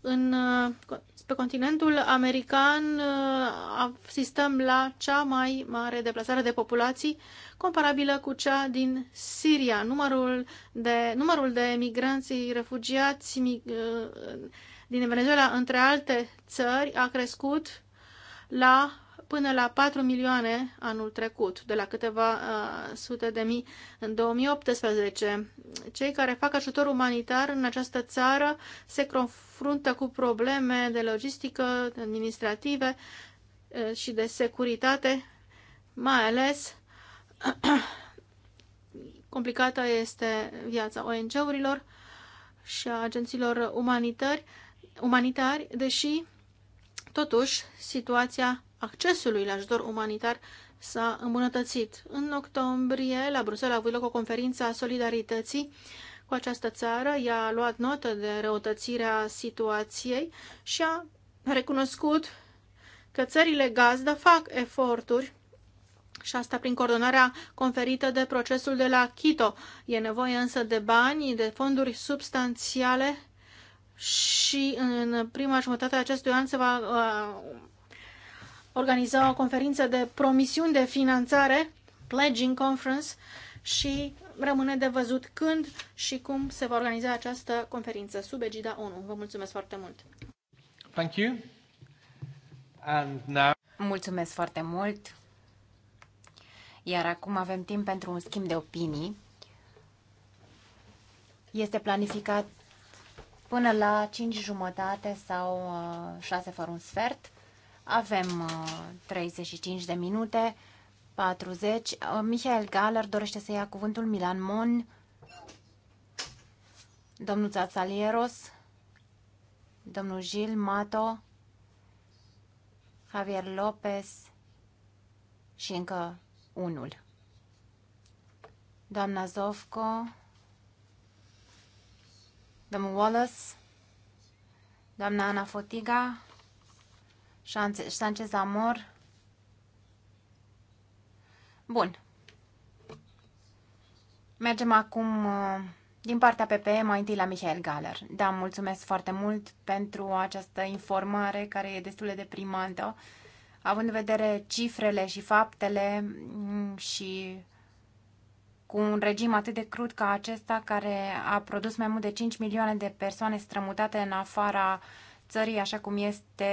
În, uh, pe continentul american uh, asistăm la cea mai mare deplasare de populații, comparabilă cu cea din Siria. Numărul de, numărul de emigranți refugiați uh, din Venezuela, între alte țări, a crescut la până la 4 milioane anul trecut, de la câteva uh, sute de mii în 2018. Cei care fac ajutor umanitar în această țară se confruntă cu probleme de logistică, administrative uh, și de securitate, mai ales [CLEARS THROAT] complicată este viața ONG-urilor și a agenților umanitari, umanitari, deși, totuși, situația accesului la ajutor umanitar s-a îmbunătățit. În octombrie, la Bruxelles a avut loc o conferință a solidarității cu această țară. Ea a luat notă de răutățirea situației și a recunoscut că țările gazdă fac eforturi și asta prin coordonarea conferită de procesul de la Quito. E nevoie însă de bani, de fonduri substanțiale și în prima jumătate a acestui an se va uh, organiza o conferință de promisiuni de finanțare, Pledging Conference, și rămâne de văzut când și cum se va organiza această conferință sub egida ONU. Vă mulțumesc foarte mult! Thank you. And now... Mulțumesc foarte mult! Iar acum avem timp pentru un schimb de opinii. Este planificat până la 5 jumătate sau 6 uh, fără un sfert. Avem 35 uh, de minute, 40. Uh, Michael Galler dorește să ia cuvântul, Milan Mon, domnul Țațalieros, domnul Gil Mato, Javier Lopez și încă unul. Doamna Zovco, domnul Wallace, doamna Ana Fotiga, Sanchez Amor. Bun. Mergem acum uh, din partea PPE, mai întâi la Michael Galer. Da, mulțumesc foarte mult pentru această informare care e destul de deprimantă, având în vedere cifrele și faptele mm, și cu un regim atât de crud ca acesta care a produs mai mult de 5 milioane de persoane strămutate în afara uh, țării, așa cum este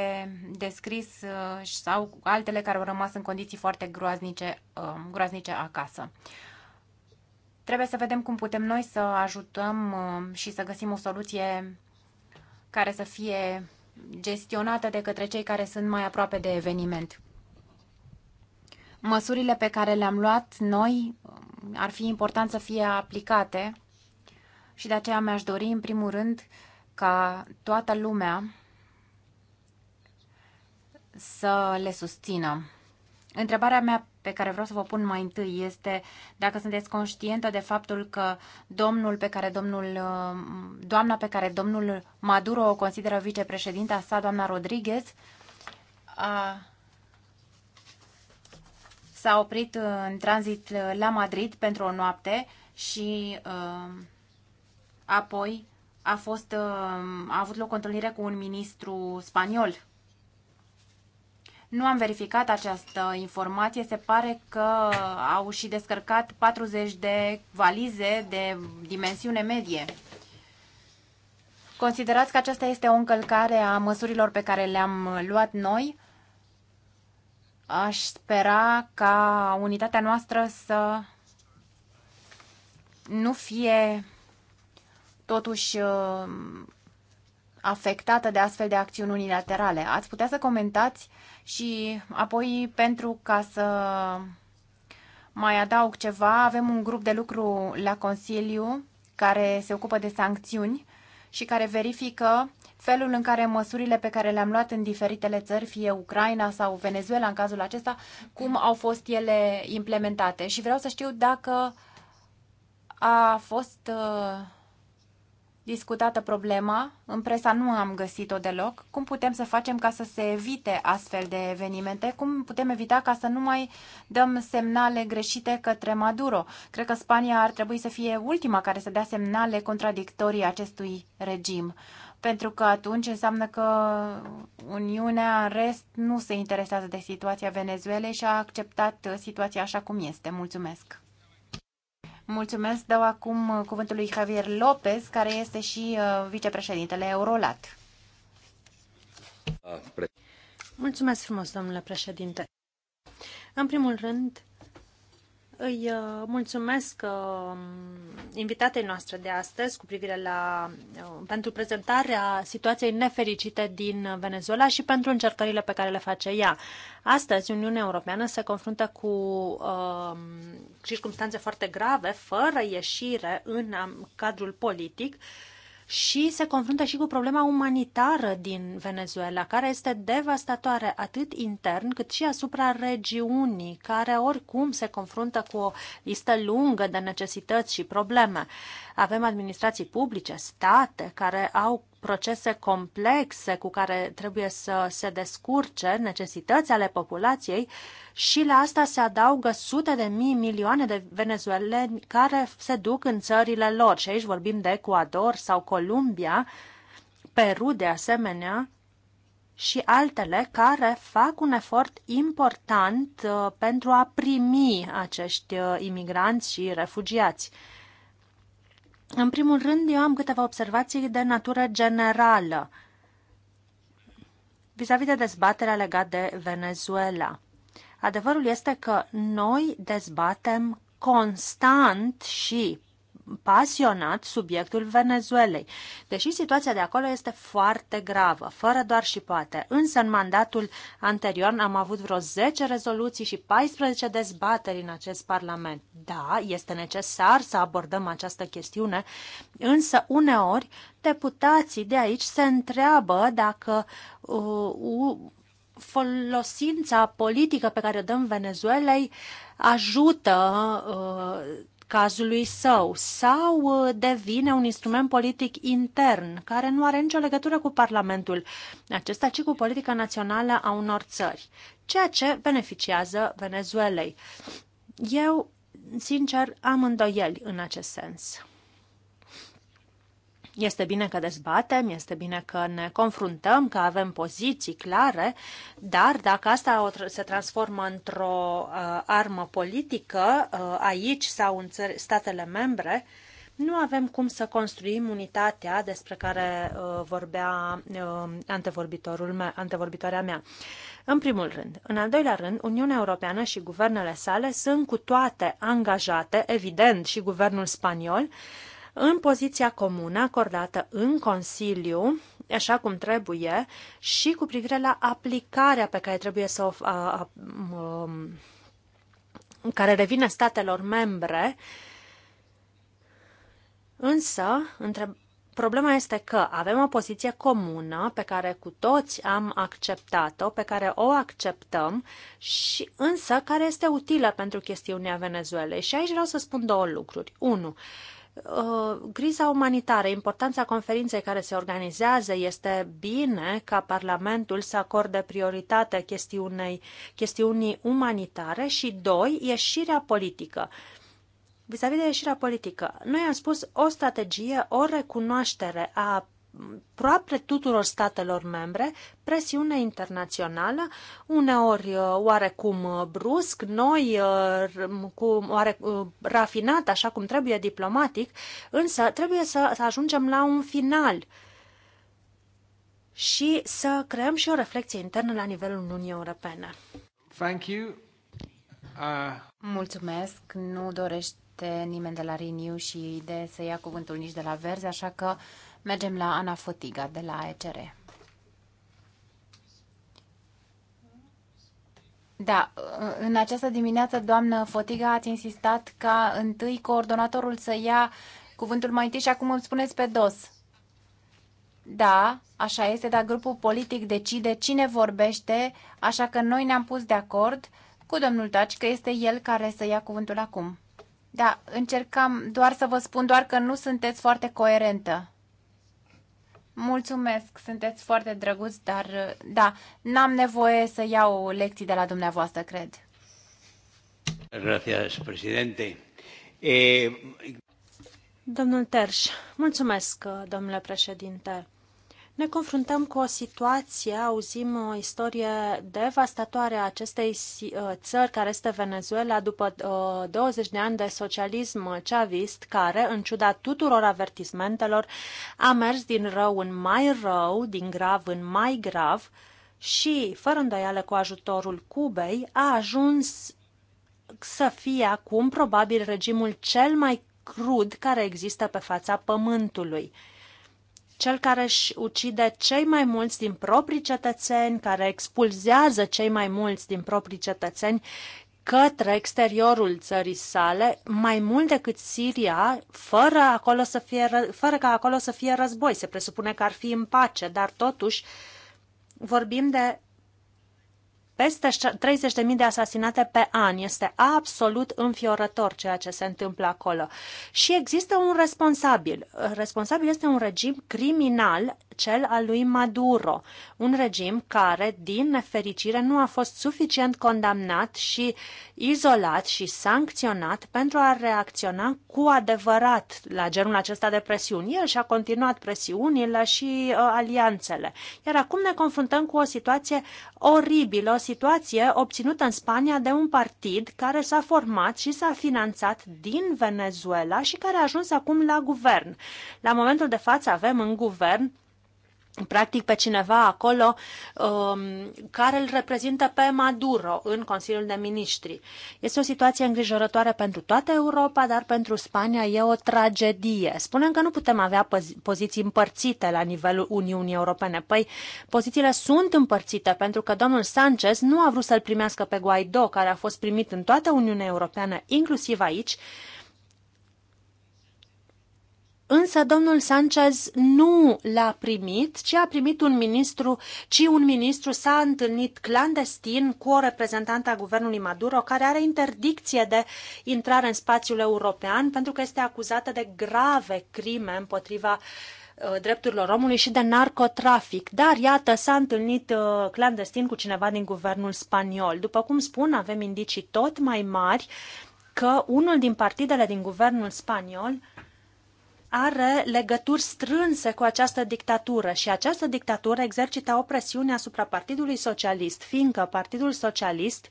descris, uh, sau altele care au rămas în condiții foarte groaznice, um, groaznice acasă. Trebuie să vedem cum putem noi să ajutăm um, și să găsim o soluție care să fie gestionată de către cei care sunt mai aproape de eveniment. Măsurile pe care le-am luat noi um, ar fi important să fie aplicate și de aceea mi-aș dori, în primul rând, ca toată lumea să le susțină. Întrebarea mea pe care vreau să vă pun mai întâi este dacă sunteți conștientă de faptul că domnul pe care domnul, doamna pe care domnul Maduro o consideră vicepreședinta sa, doamna Rodriguez, a, s-a oprit uh, în tranzit uh, la Madrid pentru o noapte și uh, apoi a, fost, a avut loc o întâlnire cu un ministru spaniol nu am verificat această informație. Se pare că au și descărcat 40 de valize de dimensiune medie. Considerați că aceasta este o încălcare a măsurilor pe care le-am luat noi? Aș spera ca unitatea noastră să nu fie totuși uh, afectată de astfel de acțiuni unilaterale. Ați putea să comentați și apoi pentru ca să mai adaug ceva, avem un grup de lucru la Consiliu care se ocupă de sancțiuni și care verifică felul în care măsurile pe care le-am luat în diferitele țări, fie Ucraina sau Venezuela în cazul acesta, cum au fost ele implementate. Și vreau să știu dacă a fost uh, discutată problema, în presa nu am găsit-o deloc. Cum putem să facem ca să se evite astfel de evenimente? Cum putem evita ca să nu mai dăm semnale greșite către Maduro? Cred că Spania ar trebui să fie ultima care să dea semnale contradictorii acestui regim. Pentru că atunci înseamnă că Uniunea, în rest, nu se interesează de situația Venezuelei și a acceptat situația așa cum este. Mulțumesc! Mulțumesc. Dau acum uh, cuvântul lui Javier Lopez, care este și uh, vicepreședintele Eurolat. Ah, Mulțumesc frumos, domnule președinte. În primul rând, îi uh, mulțumesc uh, invitatei noastre de astăzi cu privire la, uh, pentru prezentarea situației nefericite din Venezuela și pentru încercările pe care le face ea. Astăzi, Uniunea Europeană se confruntă cu uh, circunstanțe foarte grave, fără ieșire în cadrul politic, uh, și se confruntă și cu problema umanitară din Venezuela, care este devastatoare atât intern cât și asupra regiunii, care oricum se confruntă cu o listă lungă de necesități și probleme. Avem administrații publice, state, care au procese complexe cu care trebuie să se descurce necesități ale populației și la asta se adaugă sute de mii, milioane de venezueleni care se duc în țările lor. Și aici vorbim de Ecuador sau Columbia, Peru de asemenea, și altele care fac un efort important uh, pentru a primi acești uh, imigranți și refugiați. În primul rând, eu am câteva observații de natură generală vis-a-vis -vis de dezbaterea legată de Venezuela. Adevărul este că noi dezbatem constant și pasionat subiectul Venezuelei, deși situația de acolo este foarte gravă, fără doar și poate. Însă în mandatul anterior am avut vreo 10 rezoluții și 14 dezbateri în acest Parlament. Da, este necesar să abordăm această chestiune, însă uneori deputații de aici se întreabă dacă uh, uh, folosința politică pe care o dăm Venezuelei ajută uh, cazului său sau uh, devine un instrument politic intern care nu are nicio legătură cu Parlamentul acesta, ci cu politica națională a unor țări, ceea ce beneficiază Venezuelei. Eu, sincer, am îndoieli în acest sens. Este bine că dezbatem, este bine că ne confruntăm, că avem poziții clare, dar dacă asta se transformă într-o uh, armă politică uh, aici sau în statele membre, nu avem cum să construim unitatea despre care uh, vorbea uh, antevorbitorul me- antevorbitoarea mea. În primul rând. În al doilea rând, Uniunea Europeană și guvernele sale sunt cu toate angajate, evident, și guvernul spaniol, uh, în poziția comună acordată în Consiliu, așa cum trebuie, și cu privire la aplicarea pe care trebuie să o a, a, a, um, care revine statelor membre. Însă, între, problema este că avem o poziție comună pe care cu toți am acceptat-o, pe care o acceptăm și însă care este utilă pentru chestiunea Venezuelei. Și aici vreau să spun două lucruri. Unu, uh, Uh, criza umanitară, importanța conferinței care se organizează, este bine ca Parlamentul să acorde prioritate chestiunei, chestiunii umanitare și, doi, ieșirea politică. Vis-a-vis -vis de ieșirea politică, noi am spus o strategie, o recunoaștere a aproape tuturor statelor membre presiune internațională, uneori uh, oarecum uh, brusc, noi uh, cu oare, rafinat, așa cum trebuie diplomatic, însă trebuie să, să ajungem la un final și să creăm și o reflexie internă la nivelul Uniunii Europene. Thank you. Uh... Mulțumesc. Nu dorește nimeni de la Renew și de să ia cuvântul nici de la Verzi, așa că Mergem la Ana Fotiga de la ECR. Da, în această dimineață, doamnă Fotiga, ați insistat ca întâi coordonatorul să ia cuvântul mai întâi și acum îmi spuneți pe dos. Da, așa este, dar grupul politic decide cine vorbește, așa că noi ne-am pus de acord cu domnul Taci că este el care să ia cuvântul acum. Da, încercam doar să vă spun doar că nu sunteți foarte coerentă. Mulțumesc, sunteți foarte drăguți, dar da, n-am nevoie să iau lecții de la dumneavoastră, cred. Gracias, președinte. E... Eh, Domnul Terș, mulțumesc, domnule președinte. Ne confruntăm cu o situație, auzim o istorie devastatoare a acestei uh, țări care este Venezuela după 20 uh, de ani de socialism chavist care, în ciuda tuturor avertismentelor, a mers din rău în mai rău, din grav în mai grav și, fără îndoială cu ajutorul Cubei, a ajuns să fie acum probabil regimul cel mai crud care există pe fața pământului cel care își ucide cei mai mulți din proprii cetățeni, care expulzează cei mai mulți din proprii cetățeni către exteriorul țării sale, mai mult decât Siria, fără, acolo să fie, fără ca acolo să fie război. Se presupune că ar fi în pace, dar totuși vorbim de peste 30.000 de asasinate pe an. Este absolut înfiorător ceea ce se întâmplă acolo. Și există un responsabil. Responsabil este un regim criminal, cel al lui Maduro. Un regim care, din nefericire, nu a fost suficient condamnat și izolat și sancționat pentru a reacționa cu adevărat la genul acesta de presiuni. El și-a continuat presiunile și uh, alianțele. Iar acum ne confruntăm cu o situație oribilă, o situație obținută în Spania de un partid care s-a format și s-a finanțat din Venezuela și care a ajuns acum la guvern. La momentul de față avem în guvern practic pe cineva acolo um, care îl reprezintă pe Maduro în Consiliul de Ministri. Este o situație îngrijorătoare pentru toată Europa, dar pentru Spania e o tragedie. Spunem că nu putem avea pozi- poziții împărțite la nivelul Uniunii Europene. Păi pozițiile sunt împărțite pentru că domnul Sanchez nu a vrut să-l primească pe Guaido, care a fost primit în toată Uniunea Europeană, inclusiv aici, Însă domnul Sanchez nu l-a primit, ci a primit un ministru, ci un ministru s-a întâlnit clandestin cu o reprezentantă a guvernului Maduro, care are interdicție de intrare în spațiul european pentru că este acuzată de grave crime împotriva uh, drepturilor omului și de narcotrafic. Dar, iată, s-a întâlnit uh, clandestin cu cineva din guvernul spaniol. După cum spun, avem indicii tot mai mari că unul din partidele din guvernul spaniol are legături strânse cu această dictatură și această dictatură exercita o presiune asupra Partidului Socialist, fiindcă Partidul Socialist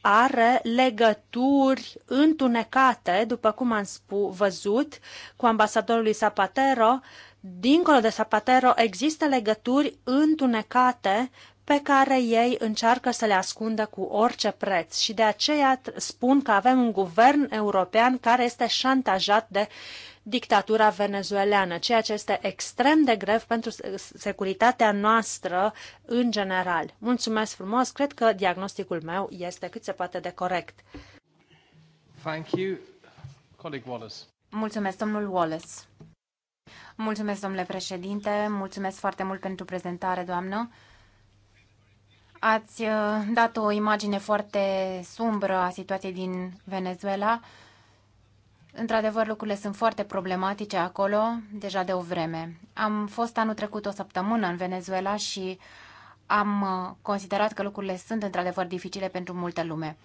are legături întunecate, după cum am spus, văzut, cu ambasadorului Zapatero. Dincolo de Zapatero există legături întunecate pe care ei încearcă să le ascundă cu orice preț și de aceea spun că avem un guvern european care este șantajat de dictatura venezueleană, ceea ce este extrem de grev pentru securitatea noastră în general. Mulțumesc frumos, cred că diagnosticul meu este cât se poate de corect. Thank you. Colleague Wallace. Mulțumesc, domnul Wallace. Mulțumesc, domnule președinte. Mulțumesc foarte mult pentru prezentare, doamnă. Ați uh, dat o imagine foarte sumbră a situației din Venezuela. Într-adevăr, lucrurile sunt foarte problematice acolo deja de o vreme. Am fost anul trecut o săptămână în Venezuela și am uh, considerat că lucrurile sunt într-adevăr dificile pentru multă lume.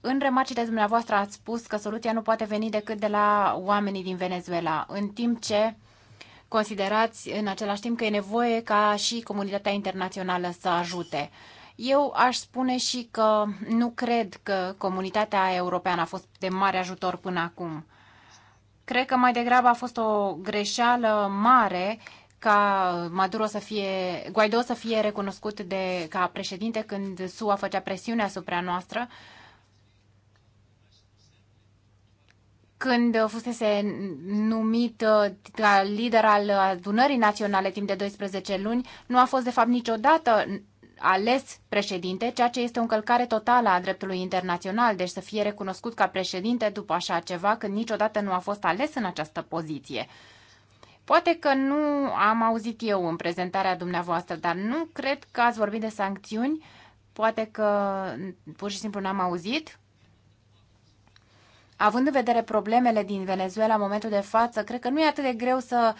În remarcile dumneavoastră ați spus că soluția nu poate veni decât de la oamenii din Venezuela, în timp ce considerați în același timp că e nevoie ca și comunitatea internațională să ajute. Eu aș spune și că nu cred că comunitatea europeană a fost de mare ajutor până acum. Cred că mai degrabă a fost o greșeală mare ca Maduro să fie, Guaido să fie recunoscut de, ca președinte când SUA făcea presiune asupra noastră, când fusese numit ca uh, lider al adunării naționale timp de 12 luni, nu a fost de fapt niciodată ales președinte, ceea ce este o încălcare totală a dreptului internațional, deci să fie recunoscut ca președinte după așa ceva când niciodată nu a fost ales în această poziție. Poate că nu am auzit eu în prezentarea dumneavoastră, dar nu cred că ați vorbit de sancțiuni. Poate că pur și simplu n-am auzit. Având în vedere problemele din Venezuela în momentul de față, cred că nu e atât de greu să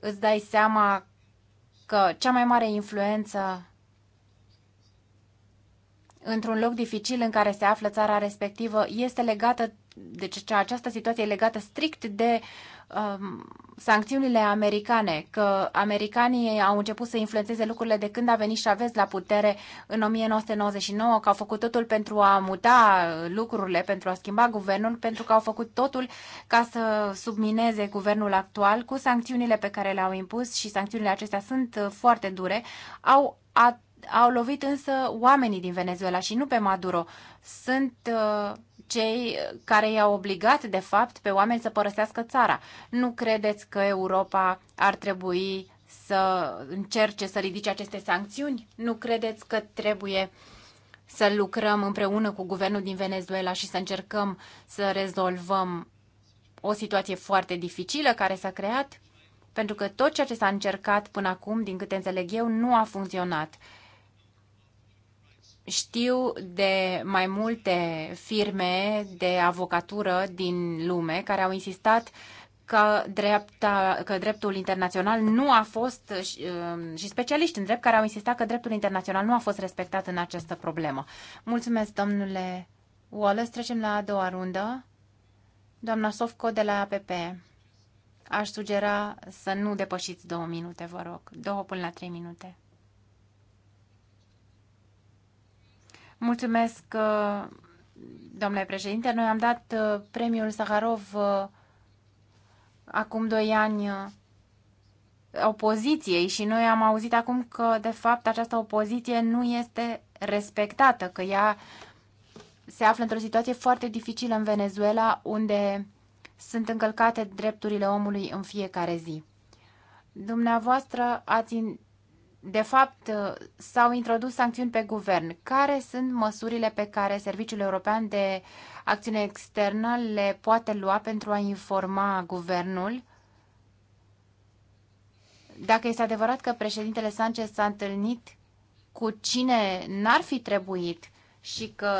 îți dai seama că cea mai mare influență într-un loc dificil în care se află țara respectivă este legată, deci această situație e legată strict de um, sancțiunile americane, că americanii au început să influențeze lucrurile de când a venit Chavez la putere în 1999, că au făcut totul pentru a muta lucrurile, pentru a schimba guvernul, pentru că au făcut totul ca să submineze guvernul actual cu sancțiunile pe care le-au impus și sancțiunile acestea sunt foarte dure, au at- au lovit însă oamenii din Venezuela și nu pe Maduro. Sunt uh, cei care i-au obligat, de fapt, pe oameni să părăsească țara. Nu credeți că Europa ar trebui să încerce să ridice aceste sancțiuni? Nu credeți că trebuie să lucrăm împreună cu guvernul din Venezuela și să încercăm să rezolvăm o situație foarte dificilă care s-a creat? Pentru că tot ceea ce s-a încercat până acum, din câte înțeleg eu, nu a funcționat știu de mai multe firme de avocatură din lume care au insistat că, drepta, că dreptul internațional nu a fost um, și specialiști în drept care au insistat că dreptul internațional nu a fost respectat în această problemă. Mulțumesc, domnule Wallace. Trecem la a doua rundă. Doamna Sofco de la APP. Aș sugera să nu depășiți două minute, vă rog. Două până la trei minute. Mulțumesc, uh, domnule președinte. Noi am dat uh, premiul Saharov uh, acum doi ani opoziției și noi am auzit acum că, de fapt, această opoziție nu este respectată, că ea se află într-o situație foarte dificilă în Venezuela, unde sunt încălcate drepturile omului în fiecare zi. Dumneavoastră ați de fapt, uh, s-au introdus sancțiuni pe guvern. Care sunt măsurile pe care Serviciul European de Acțiune Externă le poate lua pentru a informa guvernul? Dacă este adevărat că președintele Sanchez s-a întâlnit cu cine n-ar fi trebuit și că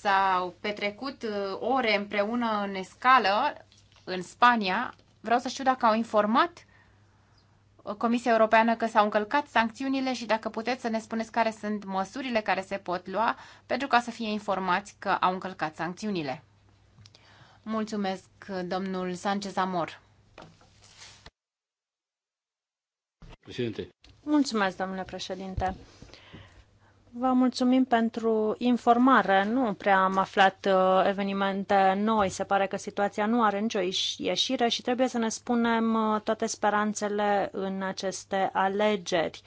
s-au petrecut uh, ore împreună în escală în Spania, vreau să știu dacă au informat Comisia Europeană că s-au încălcat sancțiunile și dacă puteți să ne spuneți care sunt măsurile care se pot lua pentru ca să fie informați că au încălcat sancțiunile. Mulțumesc, domnul Sanchez Amor. Președinte. Mulțumesc, domnule președinte. Vă mulțumim pentru informare. Nu prea am aflat uh, evenimente noi. Se pare că situația nu are nicio ieșire și trebuie să ne spunem uh, toate speranțele în aceste alegeri.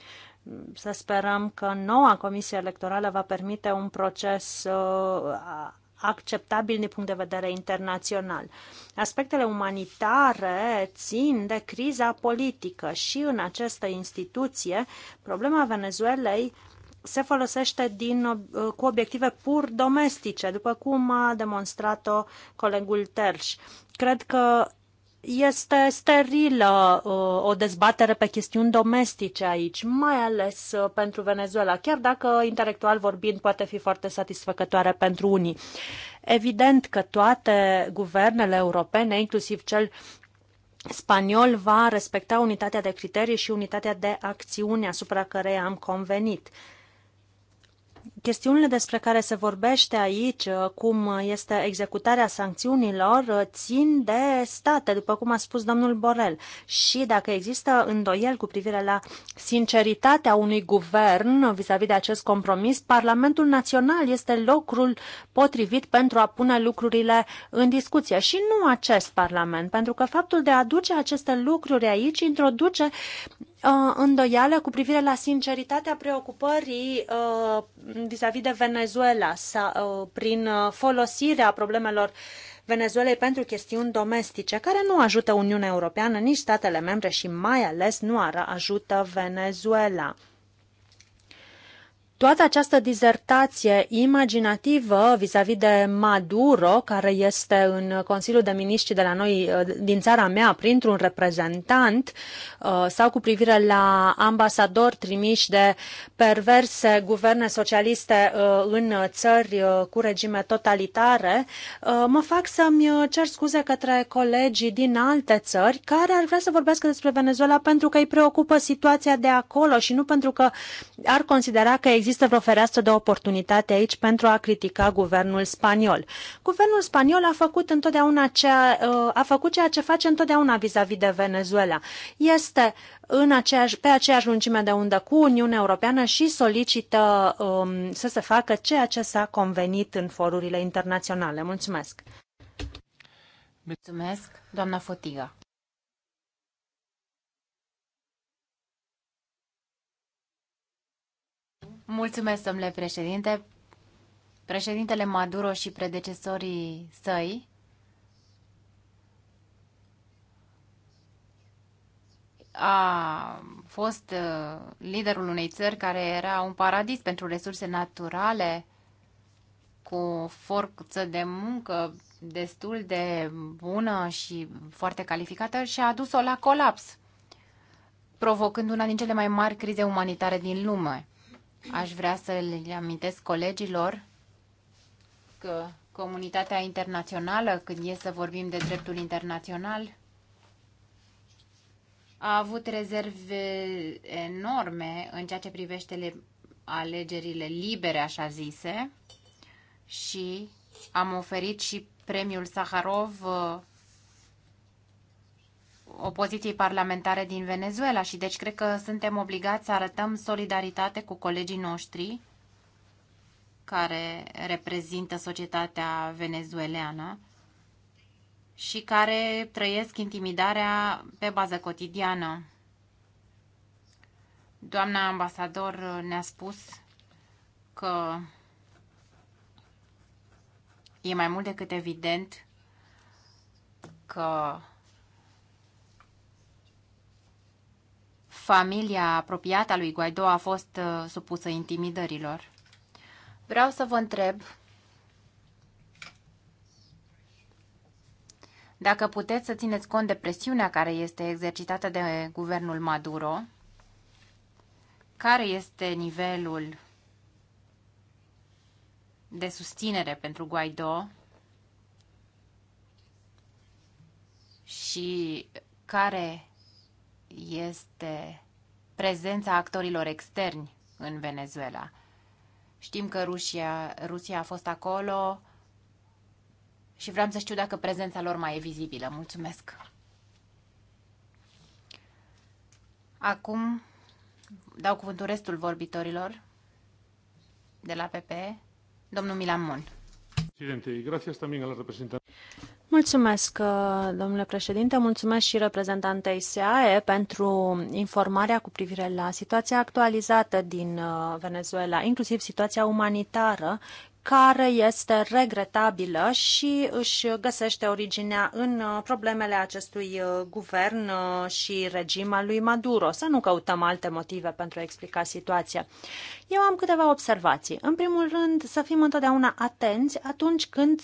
Să sperăm că noua comisie electorală va permite un proces uh, acceptabil din punct de vedere internațional. Aspectele umanitare țin de criza politică și în această instituție problema Venezuelei se folosește din, uh, cu obiective pur domestice, după cum a demonstrat-o colegul Terș. Cred că este sterilă uh, o dezbatere pe chestiuni domestice aici, mai ales uh, pentru Venezuela, chiar dacă intelectual vorbind poate fi foarte satisfăcătoare pentru unii. Evident că toate guvernele europene, inclusiv cel spaniol, va respecta unitatea de criterii și unitatea de acțiune asupra căreia am convenit. Uh, chestiunile despre care se vorbește aici, uh, cum este executarea sancțiunilor, uh, țin de state, după cum a spus domnul Borel. Și dacă există îndoiel cu privire la sinceritatea unui guvern vis-a-vis -vis de acest compromis, Parlamentul Național este locul potrivit pentru a pune lucrurile în discuție. Și nu acest Parlament, pentru că faptul de a aduce aceste lucruri aici introduce uh, îndoială cu privire la sinceritatea preocupării uh, vis-a-vis -vis de Venezuela sa, uh, prin uh, folosirea problemelor Venezuelei pentru chestiuni domestice, care nu ajută Uniunea Europeană, nici statele membre și mai ales nu ajută Venezuela. Toată această dizertație imaginativă vis-a-vis -vis de Maduro, care este în Consiliul de Miniștri de la noi, uh, din țara mea, printr-un reprezentant, uh, sau cu privire la ambasador trimiși de perverse guverne socialiste uh, în țări cu regime totalitare, mă fac să-mi cer scuze către colegii din alte țări care ar vrea să vorbească despre Venezuela pentru că îi preocupă situația de acolo și nu pentru că ar considera că există există vreo fereastră de oportunitate aici pentru a critica guvernul spaniol. Guvernul spaniol a făcut, întotdeauna ceea, uh, a făcut ceea ce face întotdeauna vis-a-vis -vis de Venezuela. Este în aceeași, pe aceeași lungime de undă cu Uniunea Europeană și solicită um, să se facă ceea ce s-a convenit în forurile internaționale. Mulțumesc! Mulțumesc, doamna Fotiga. Mulțumesc, domnule președinte. Președintele Maduro și predecesorii săi a fost uh, liderul unei țări care era un paradis pentru resurse naturale, cu forță de muncă destul de bună și foarte calificată și a adus-o la colaps, provocând una din cele mai mari crize umanitare din lume. Aș vrea să le amintesc colegilor că comunitatea internațională, când e să vorbim de dreptul internațional, a avut rezerve enorme în ceea ce privește alegerile libere, așa zise, și am oferit și premiul Saharov uh, opoziției parlamentare din Venezuela și deci cred că suntem obligați să arătăm solidaritate cu colegii noștri care reprezintă societatea venezueleană și care trăiesc intimidarea pe bază cotidiană. Doamna ambasador ne-a spus că e mai mult decât evident că familia apropiată a lui Guaido a fost uh, supusă intimidărilor. Vreau să vă întreb dacă puteți să țineți cont de presiunea care este exercitată de guvernul Maduro, care este nivelul de susținere pentru Guaido și care este prezența actorilor externi în Venezuela. Știm că Rusia, Rusia a fost acolo și vreau să știu dacă prezența lor mai e vizibilă. Mulțumesc! Acum dau cuvântul restul vorbitorilor de la PP, domnul Milan Mon. Mulțumesc, uh, domnule președinte, mulțumesc și reprezentantei SAE pentru informarea cu privire la situația actualizată din uh, Venezuela, inclusiv situația umanitară care este regretabilă și își găsește originea în uh, problemele acestui uh, guvern uh, și regim al lui Maduro. Să nu căutăm alte motive pentru a explica situația. Eu am câteva observații. În primul rând, să fim întotdeauna atenți atunci când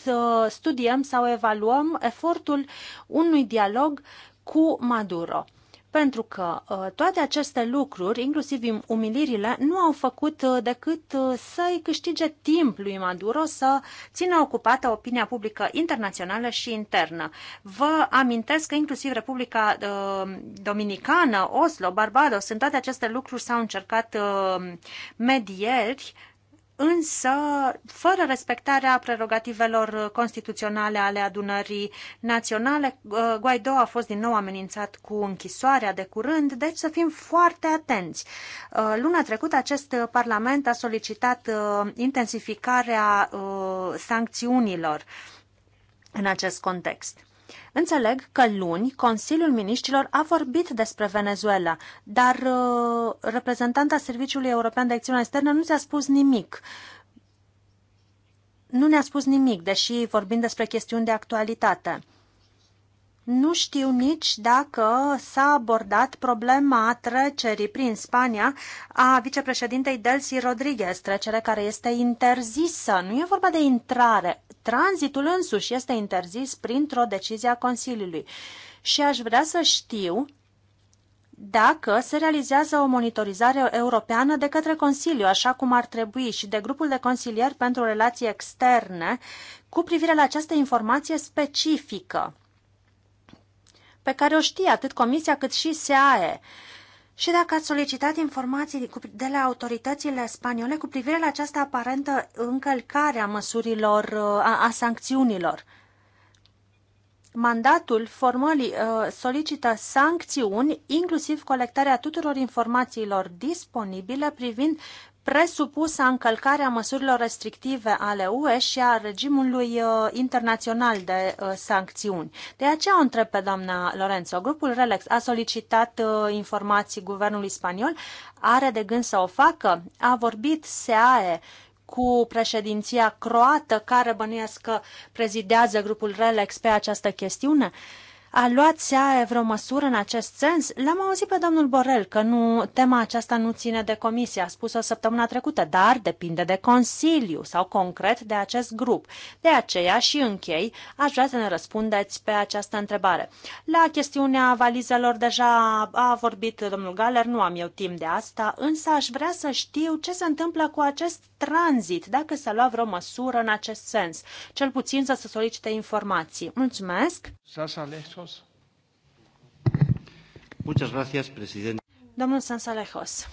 studiem sau evaluăm efortul unui dialog cu Maduro. Pentru că uh, toate aceste lucruri, inclusiv umilirile, nu au făcut uh, decât uh, să-i câștige timp lui Maduro să țină ocupată opinia publică internațională și internă. Vă amintesc că inclusiv Republica Dominicană, Oslo, Barbados, în toate aceste lucruri s-au încercat medieri însă fără respectarea prerogativelor constituționale ale adunării naționale. Uh, Guaido a fost din nou amenințat cu închisoarea de curând, deci să fim foarte atenți. Uh, luna trecută acest parlament a solicitat uh, intensificarea sancțiunilor în acest context. Înțeleg că luni Consiliul Miniștilor a vorbit despre Venezuela, dar uh, reprezentanta Serviciului European de Acțiune Externă nu ți-a spus nimic. Nu ne-a spus nimic, deși vorbim despre chestiuni de actualitate. Nu știu nici dacă s-a abordat problema trecerii prin Spania a vicepreședintei Delcy Rodriguez, trecere care este interzisă. Nu e vorba de intrare. Tranzitul însuși este interzis printr-o decizie a Consiliului. Și aș vrea să știu dacă se realizează o monitorizare europeană de către Consiliu, așa cum ar trebui, și de grupul de consilieri pentru relații externe, cu privire la această informație specifică pe care o știe atât Comisia cât și SEAE. Și dacă ați solicitat informații de la autoritățile spaniole cu privire la această aparentă încălcare a măsurilor, uh, a, a sancțiunilor. Mandatul formării uh, solicită sancțiuni, inclusiv colectarea tuturor informațiilor disponibile privind presupusă încălcarea măsurilor restrictive ale UE și a regimului uh, internațional de uh, sancțiuni. De aceea o întreb pe doamna Lorenzo. Grupul Relex a solicitat uh, informații guvernului spaniol, are de gând să o facă, a vorbit SEAE cu președinția croată care bănuiesc că prezidează grupul Relex pe această chestiune. Uh, a luat SEAE vreo măsură în acest sens? L-am auzit pe domnul Borel că nu, tema aceasta nu ține de comisie, a spus-o săptămâna trecută, dar depinde de Consiliu sau concret de acest grup. De aceea și închei, aș vrea să ne răspundeți pe această întrebare. La chestiunea valizelor deja a vorbit domnul Galer, nu am eu timp de asta, însă aș vrea să știu ce se întâmplă cu acest tranzit, dacă s-a luat vreo măsură în acest sens. Cel puțin să se solicite informații. Mulțumesc! Domnul Sansalejos.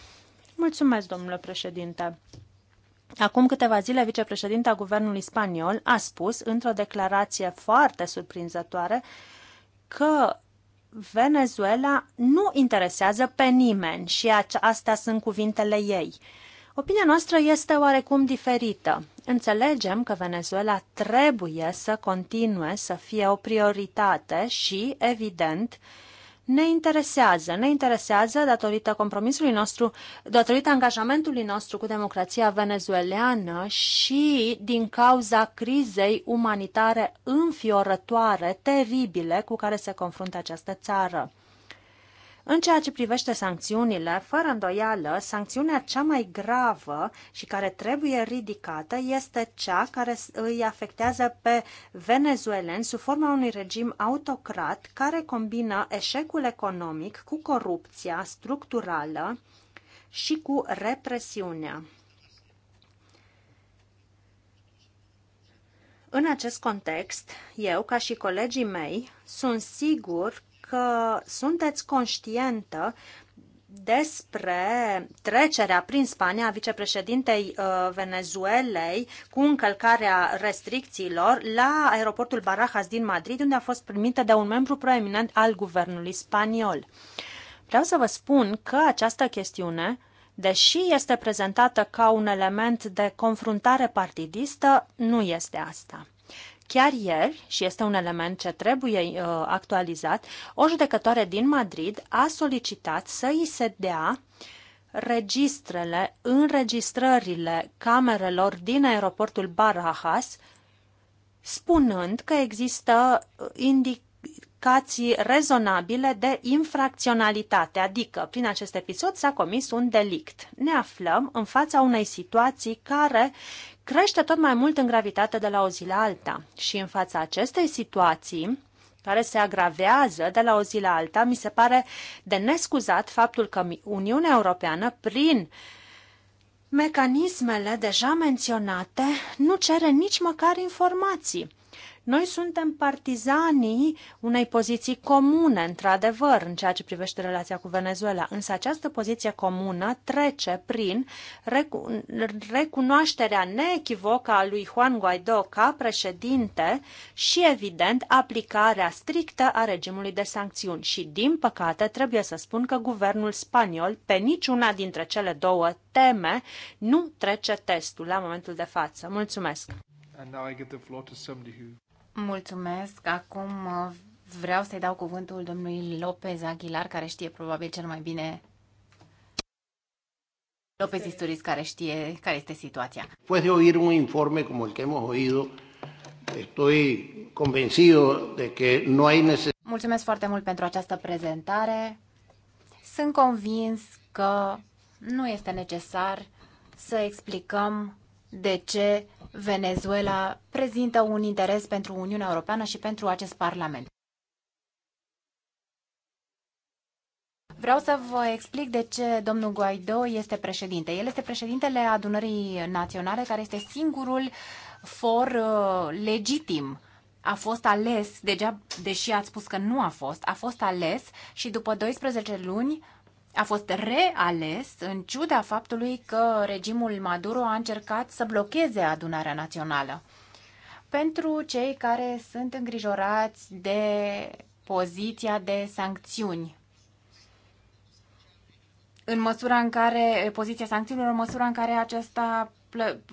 Mulțumesc, domnule președinte. Acum câteva zile, vicepreședinta Guvernului Spaniol a spus, într-o declarație foarte surprinzătoare, că Venezuela nu interesează pe nimeni și astea sunt cuvintele ei. Opinia noastră este oarecum diferită. Înțelegem că Venezuela trebuie să continue să fie o prioritate și, evident, ne interesează. Ne interesează datorită compromisului nostru, datorită angajamentului nostru cu democrația venezueleană și din cauza crizei umanitare înfiorătoare, teribile, cu care se confruntă această țară. În ceea ce privește sancțiunile, fără îndoială, sancțiunea cea mai gravă și care trebuie ridicată este cea care îi afectează pe venezueleni sub forma unui regim autocrat care combină eșecul economic cu corupția structurală și cu represiunea. În acest context, eu, ca și colegii mei, sunt sigur dacă sunteți conștientă despre trecerea prin Spania a vicepreședintei uh, Venezuelei cu încălcarea restricțiilor la aeroportul Barajas din Madrid, unde a fost primită de un membru proeminent al guvernului spaniol. Vreau să vă spun că această chestiune, deși este prezentată ca un element de confruntare partidistă, nu este asta. Chiar ieri, și este un element ce trebuie uh, actualizat, o judecătoare din Madrid a solicitat să îi se dea registrele, înregistrările camerelor din aeroportul Barajas, spunând că există uh, indicații rezonabile de infracționalitate, adică prin acest episod s-a comis un delict. Ne aflăm în fața unei situații care crește tot mai mult în gravitate de la o zi la alta. Și în fața acestei situații, care se agravează de la o zi la alta, mi se pare de nescuzat faptul că Uniunea Europeană, prin mecanismele deja menționate, nu cere nici măcar informații. Noi suntem partizanii unei poziții comune, într-adevăr, în ceea ce privește relația cu Venezuela, însă această poziție comună trece prin recu- recunoașterea neechivocă a lui Juan Guaido ca președinte și, evident, aplicarea strictă a regimului de sancțiuni. Și, din păcate, trebuie să spun că guvernul spaniol, pe niciuna dintre cele două teme, nu trece testul la momentul de față. Mulțumesc! And now I give the floor to somebody who Mulțumesc. Acum uh, vreau să-i dau cuvântul domnului Lopez Aguilar, care știe probabil cel mai bine López Isturiz, care știe care este situația. Después de oír un informe como el que hemos oído, estoy convencido de que no hay necesidad. Mulțumesc foarte mult pentru această prezentare. Sunt convins că nu este necesar să explicăm de ce Venezuela prezintă un interes pentru Uniunea Europeană și pentru acest Parlament. Vreau să vă explic de ce domnul Guaido este președinte. El este președintele adunării naționale, care este singurul for uh, legitim. A fost ales, deja, deși ați spus că nu a fost, a fost ales și după 12 luni a fost reales în ciuda faptului că regimul Maduro a încercat să blocheze adunarea națională. Pentru cei care sunt îngrijorați de poziția de sancțiuni în măsura în care poziția sancțiunilor, în măsura în care aceasta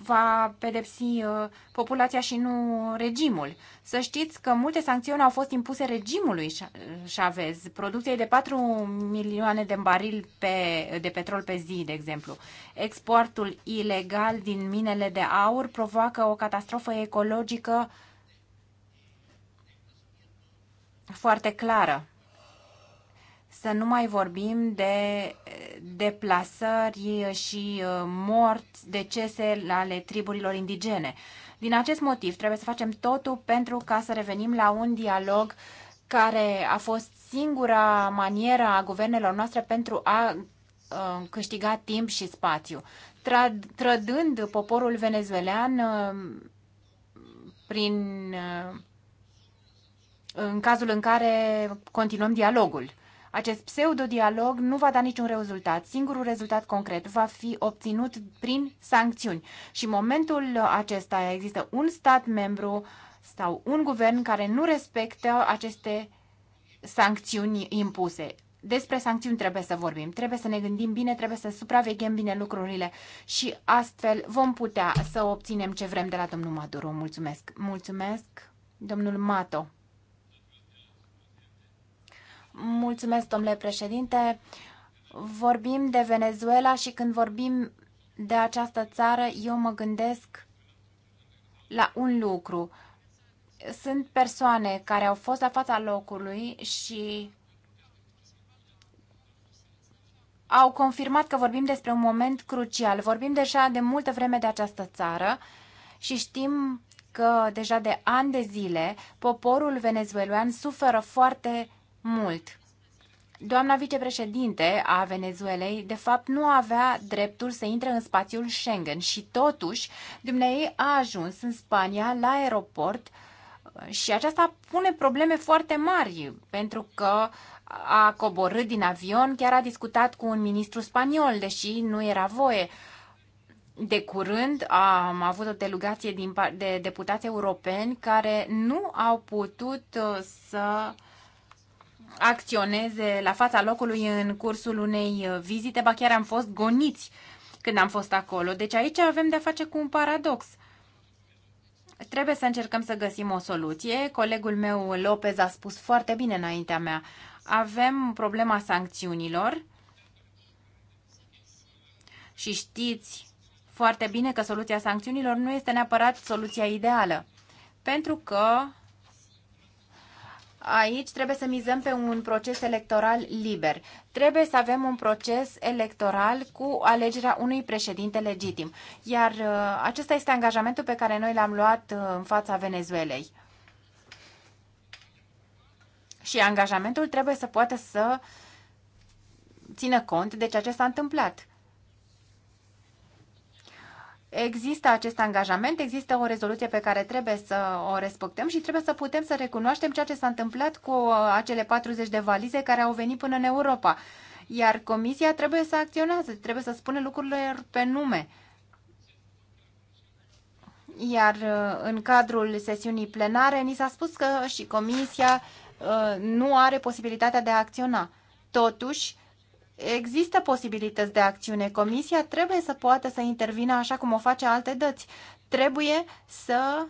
va pedepsi uh, populația și nu regimul. Să știți că multe sancțiuni au fost impuse regimului Chavez, producției de 4 milioane de barili pe, de petrol pe zi, de exemplu. Exportul ilegal din minele de aur provoacă o catastrofă ecologică foarte clară să nu mai vorbim de eh, deplasări și eh, morți, decese ale triburilor indigene. Din acest motiv trebuie să facem totul pentru ca să revenim la un dialog care a fost singura manieră a guvernelor noastre pentru a eh, câștiga timp și spațiu. Trădând poporul venezuelan prin în cazul în care continuăm dialogul. Acest pseudo-dialog nu va da niciun rezultat. Singurul rezultat concret va fi obținut prin sancțiuni. Și în momentul acesta există un stat membru sau un guvern care nu respectă aceste sancțiuni impuse. Despre sancțiuni trebuie să vorbim, trebuie să ne gândim bine, trebuie să supraveghem bine lucrurile și astfel vom putea să obținem ce vrem de la domnul Maduro. Mulțumesc! Mulțumesc, domnul Mato! Mulțumesc, domnule președinte. Vorbim de Venezuela și când vorbim de această țară, eu mă gândesc la un lucru. Sunt persoane care au fost la fața locului și au confirmat că vorbim despre un moment crucial. Vorbim deja de multă vreme de această țară și știm că deja de ani de zile poporul venezuelan suferă foarte mult. Doamna vicepreședinte a Venezuelei, de fapt, nu avea dreptul să intre în spațiul Schengen și totuși dumneai a ajuns în Spania la aeroport uh, și aceasta pune probleme foarte mari pentru că a coborât din avion, chiar a discutat cu un ministru spaniol, deși nu era voie. De curând am avut o delegație de deputați europeni care nu au putut uh, să acționeze la fața locului în cursul unei vizite, ba chiar am fost goniți când am fost acolo. Deci aici avem de-a face cu un paradox. Trebuie să încercăm să găsim o soluție. Colegul meu, Lopez, a spus foarte bine înaintea mea. Avem problema sancțiunilor și știți foarte bine că soluția sancțiunilor nu este neapărat soluția ideală. Pentru că Aici trebuie să mizăm pe un proces electoral liber. Trebuie să avem un proces electoral cu alegerea unui președinte legitim. Iar uh, acesta este angajamentul pe care noi l-am luat uh, în fața Venezuelei. Și angajamentul trebuie să poată să țină cont de ceea ce s-a întâmplat. Există acest angajament, există o rezoluție pe care trebuie să o respectăm și trebuie să putem să recunoaștem ceea ce s-a întâmplat cu uh, acele 40 de valize care au venit până în Europa. Iar Comisia trebuie să acționeze, trebuie să spună lucrurile pe nume. Iar uh, în cadrul sesiunii plenare ni s-a spus că și Comisia uh, nu are posibilitatea de a acționa. Totuși, Există posibilități de acțiune. Comisia trebuie să poată să intervină așa cum o face alte dăți. Trebuie să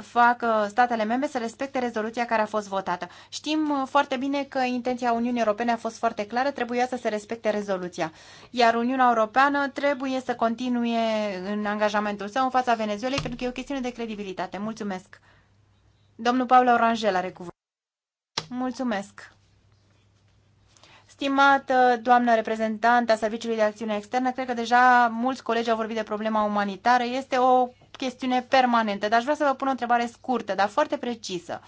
facă statele membre să respecte rezoluția care a fost votată. Știm uh, foarte bine că intenția Uniunii Europene a fost foarte clară, trebuia să se respecte rezoluția. Iar Uniunea Europeană trebuie să continue în angajamentul său în fața Venezuelei, pentru că e o chestiune de credibilitate. Mulțumesc. Domnul Paul Orangel are cuvânt. Mulțumesc. Stimată doamnă reprezentantă a Serviciului de Acțiune Externă, cred că deja mulți colegi au vorbit de problema umanitară. Este o chestiune permanentă, dar aș vrea să vă pun o întrebare scurtă, dar foarte precisă.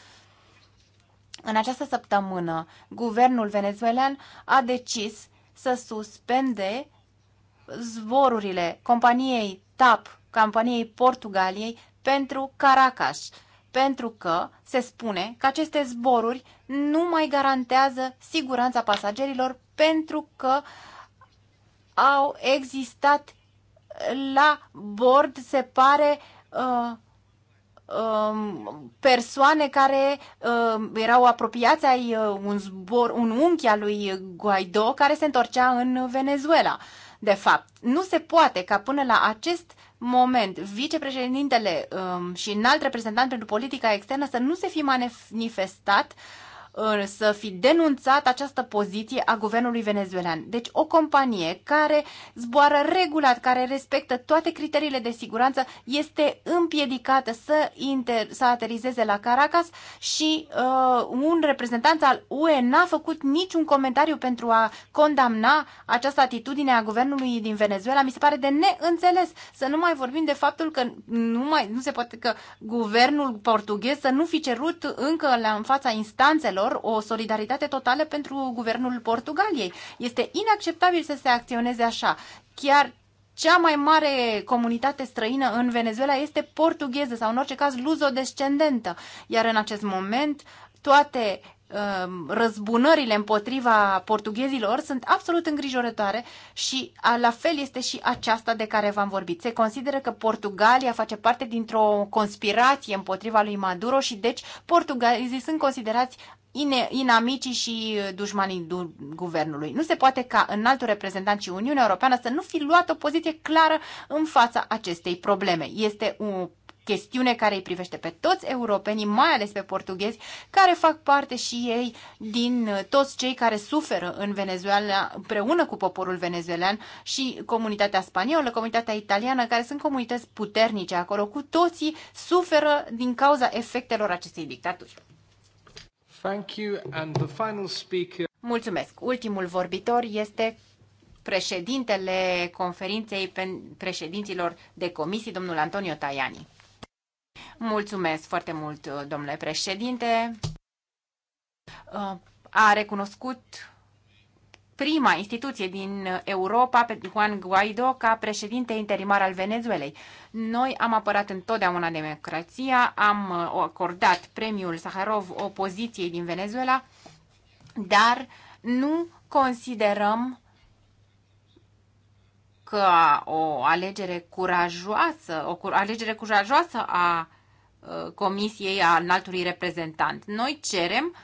În această săptămână, guvernul venezuelan a decis să suspende zborurile companiei TAP, companiei Portugaliei, pentru Caracas pentru că se spune că aceste zboruri nu mai garantează siguranța pasagerilor pentru că au existat la bord, se pare, uh, um, persoane care uh, erau apropiați ai uh, un zbor, un unchi al lui Guaido care se întorcea în Venezuela. De fapt, nu se poate ca până la acest moment vicepreședintele um, și înalt reprezentant pentru politica externă să nu se fi manifestat uh, să fi denunțat această poziție a guvernului venezuelan. Deci o companie care zboară regulat, care respectă toate criteriile de siguranță, este împiedicată să, inter- să aterizeze la Caracas și uh, un reprezentant al UE n-a făcut niciun comentariu pentru a condamna această atitudine a guvernului din Venezuela. Mi se pare de neînțeles să nu mai vorbim de faptul că nu, mai, nu se poate că guvernul portughez să nu fi cerut încă la, în fața instanțelor lor o solidaritate totală pentru guvernul Portugaliei. Este inacceptabil să se acționeze așa. Chiar cea mai mare comunitate străină în Venezuela este portugheză sau în orice caz luzodescendentă. Iar în acest moment toate um, răzbunările împotriva portughezilor sunt absolut îngrijorătoare și la fel este și aceasta de care v-am vorbit. Se consideră că Portugalia face parte dintr-o conspirație împotriva lui Maduro și deci portughezii sunt considerați inamicii și uh, dușmanii guvernului. Nu se poate ca înaltul reprezentant și Uniunea Europeană să nu fi luat o poziție clară în fața acestei probleme. Este o chestiune care îi privește pe toți europenii, mai ales pe portughezi, care fac parte și ei din uh, toți cei care suferă în Venezuela împreună cu poporul venezuelan și comunitatea spaniolă, comunitatea italiană, care sunt comunități puternice acolo, cu toții suferă din cauza efectelor acestei dictaturi. Thank you. And the final speaker... Mulțumesc. Ultimul vorbitor este președintele conferinței președinților de comisii, domnul Antonio Tajani. Mulțumesc foarte mult, domnule președinte. A recunoscut prima instituție din Europa pe Juan Guaido ca președinte interimar al Venezuelei. Noi am apărat întotdeauna democrația, am uh, acordat premiul Saharov opoziției din Venezuela, dar nu considerăm că o alegere curajoasă, o alegere curajoasă a uh, Comisiei a înaltului reprezentant. Noi cerem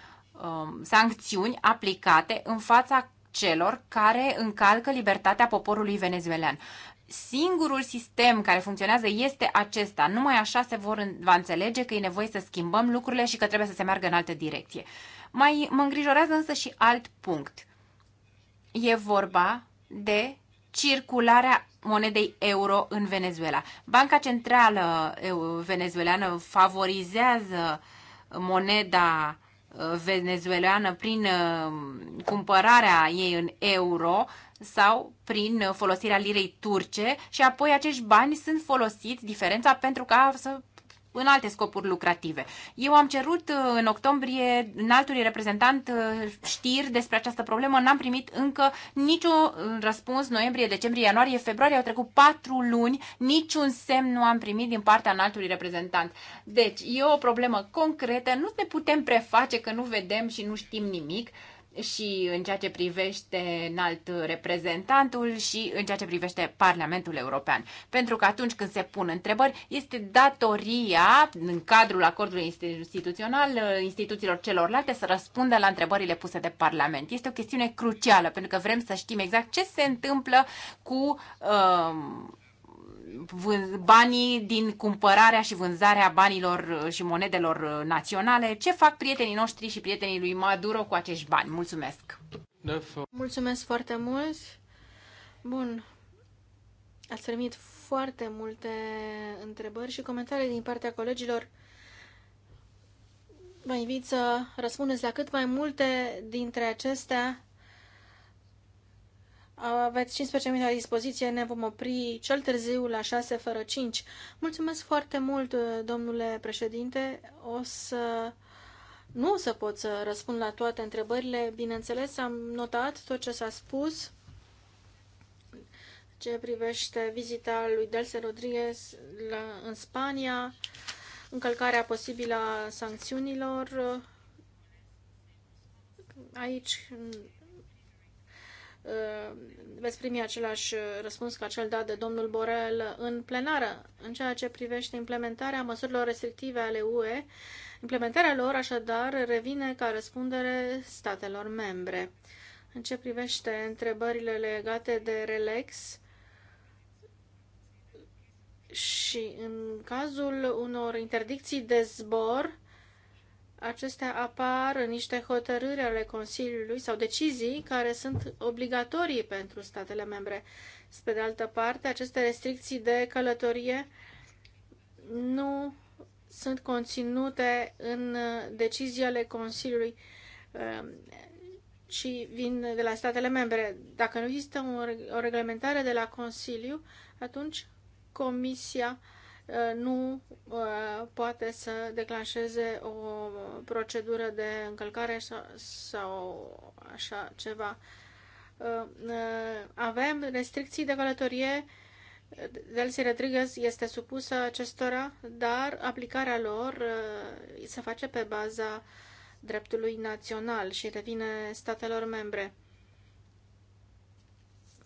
um, sancțiuni aplicate în fața celor care încalcă libertatea poporului venezuelan. Singurul sistem care funcționează este acesta. Numai așa se vor, va înțelege că e nevoie să schimbăm lucrurile și că trebuie să se meargă în altă direcție. Mai mă îngrijorează însă și alt punct. E vorba de circularea monedei euro în Venezuela. Banca Centrală Venezuelană favorizează moneda venezueleană prin uh, cumpărarea ei în euro sau prin uh, folosirea lirei turce și apoi acești bani sunt folosiți, diferența, pentru ca să în alte scopuri lucrative. Eu am cerut uh, în octombrie înaltului reprezentant uh, știri despre această problemă, n-am primit încă niciun uh, răspuns. Noiembrie, decembrie, ianuarie, februarie au trecut patru luni, niciun semn nu am primit din partea înaltului reprezentant. Deci, e o problemă concretă, nu ne putem preface că nu vedem și nu știm nimic și în ceea ce privește înalt reprezentantul și în ceea ce privește Parlamentul European. Pentru că atunci când se pun întrebări, este datoria, în cadrul acordului instituțional, instituțiilor celorlalte să răspundă la întrebările puse de Parlament. Este o chestiune crucială, pentru că vrem să știm exact ce se întâmplă cu uh, banii din cumpărarea și vânzarea banilor uh, și monedelor uh, naționale. Ce fac prietenii noștri și prietenii lui Maduro cu acești bani? Mulțumesc! Mulțumesc foarte mult! Bun, ați primit foarte multe întrebări și comentarii din partea colegilor. Vă invit să răspundeți la cât mai multe dintre acestea aveți 15 minute la dispoziție, ne vom opri cel târziu la 6 fără 5. Mulțumesc foarte mult, domnule președinte. O să... Nu o să pot să răspund la toate întrebările. Bineînțeles, am notat tot ce s-a spus ce privește vizita lui Delce Rodriguez la, în Spania, încălcarea posibilă a sancțiunilor. Aici Uh, veți primi același răspuns ca cel dat de domnul Borel în plenară în ceea ce privește implementarea măsurilor restrictive ale UE. Implementarea lor, așadar, revine ca răspundere statelor membre. În ce privește întrebările legate de relax și în cazul unor interdicții de zbor, acestea apar în niște hotărâri ale Consiliului sau decizii care sunt obligatorii pentru statele membre. Pe de altă parte, aceste restricții de călătorie nu sunt conținute în decizii ale Consiliului, ehm, ci vin de la statele membre. Dacă nu există o reglementare de la Consiliu, atunci Comisia nu uh, poate să declanșeze o procedură de încălcare sau, așa ceva. Uh, uh, avem restricții de călătorie Delcy Rodriguez este supusă acestora, dar aplicarea lor se face pe baza dreptului național și revine statelor membre.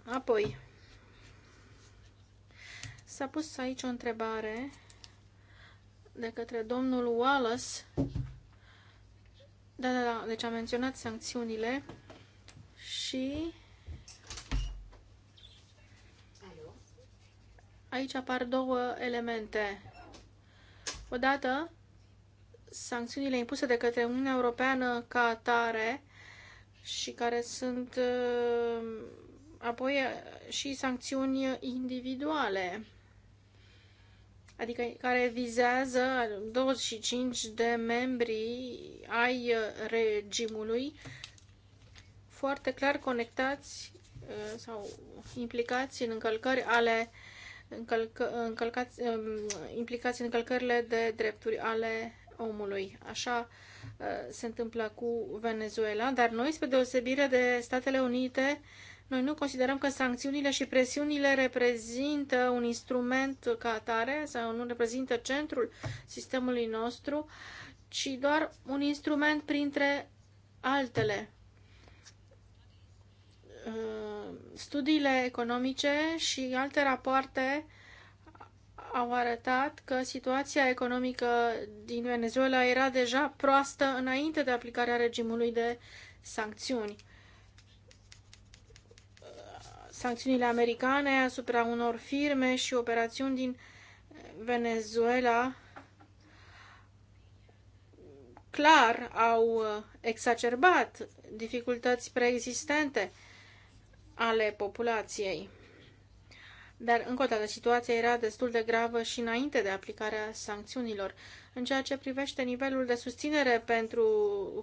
Apoi, S-a pus aici o întrebare de către domnul Wallace. Da, da, da, deci a menționat sancțiunile și aici apar două elemente. Odată, sancțiunile impuse de către Uniunea Europeană ca atare și care sunt uh, apoi uh, și sancțiuni individuale adică care vizează 25 de membri ai regimului foarte clar conectați uh, sau implicați în încălcări ale încălcă, încălcați, um, implicați în încălcările de drepturi ale omului. Așa uh, se întâmplă cu Venezuela, dar noi, spre deosebire de Statele Unite, noi nu considerăm că sancțiunile și presiunile reprezintă un instrument ca atare sau nu reprezintă centrul sistemului nostru, ci doar un instrument printre altele. Uh, studiile economice și alte rapoarte au arătat că situația economică din Venezuela era deja proastă înainte de aplicarea regimului de sancțiuni sancțiunile americane asupra unor firme și operațiuni din Venezuela clar au uh, exacerbat dificultăți preexistente ale populației. Dar, încă o dată, situația era destul de gravă și înainte de aplicarea sancțiunilor, în ceea ce privește nivelul de susținere pentru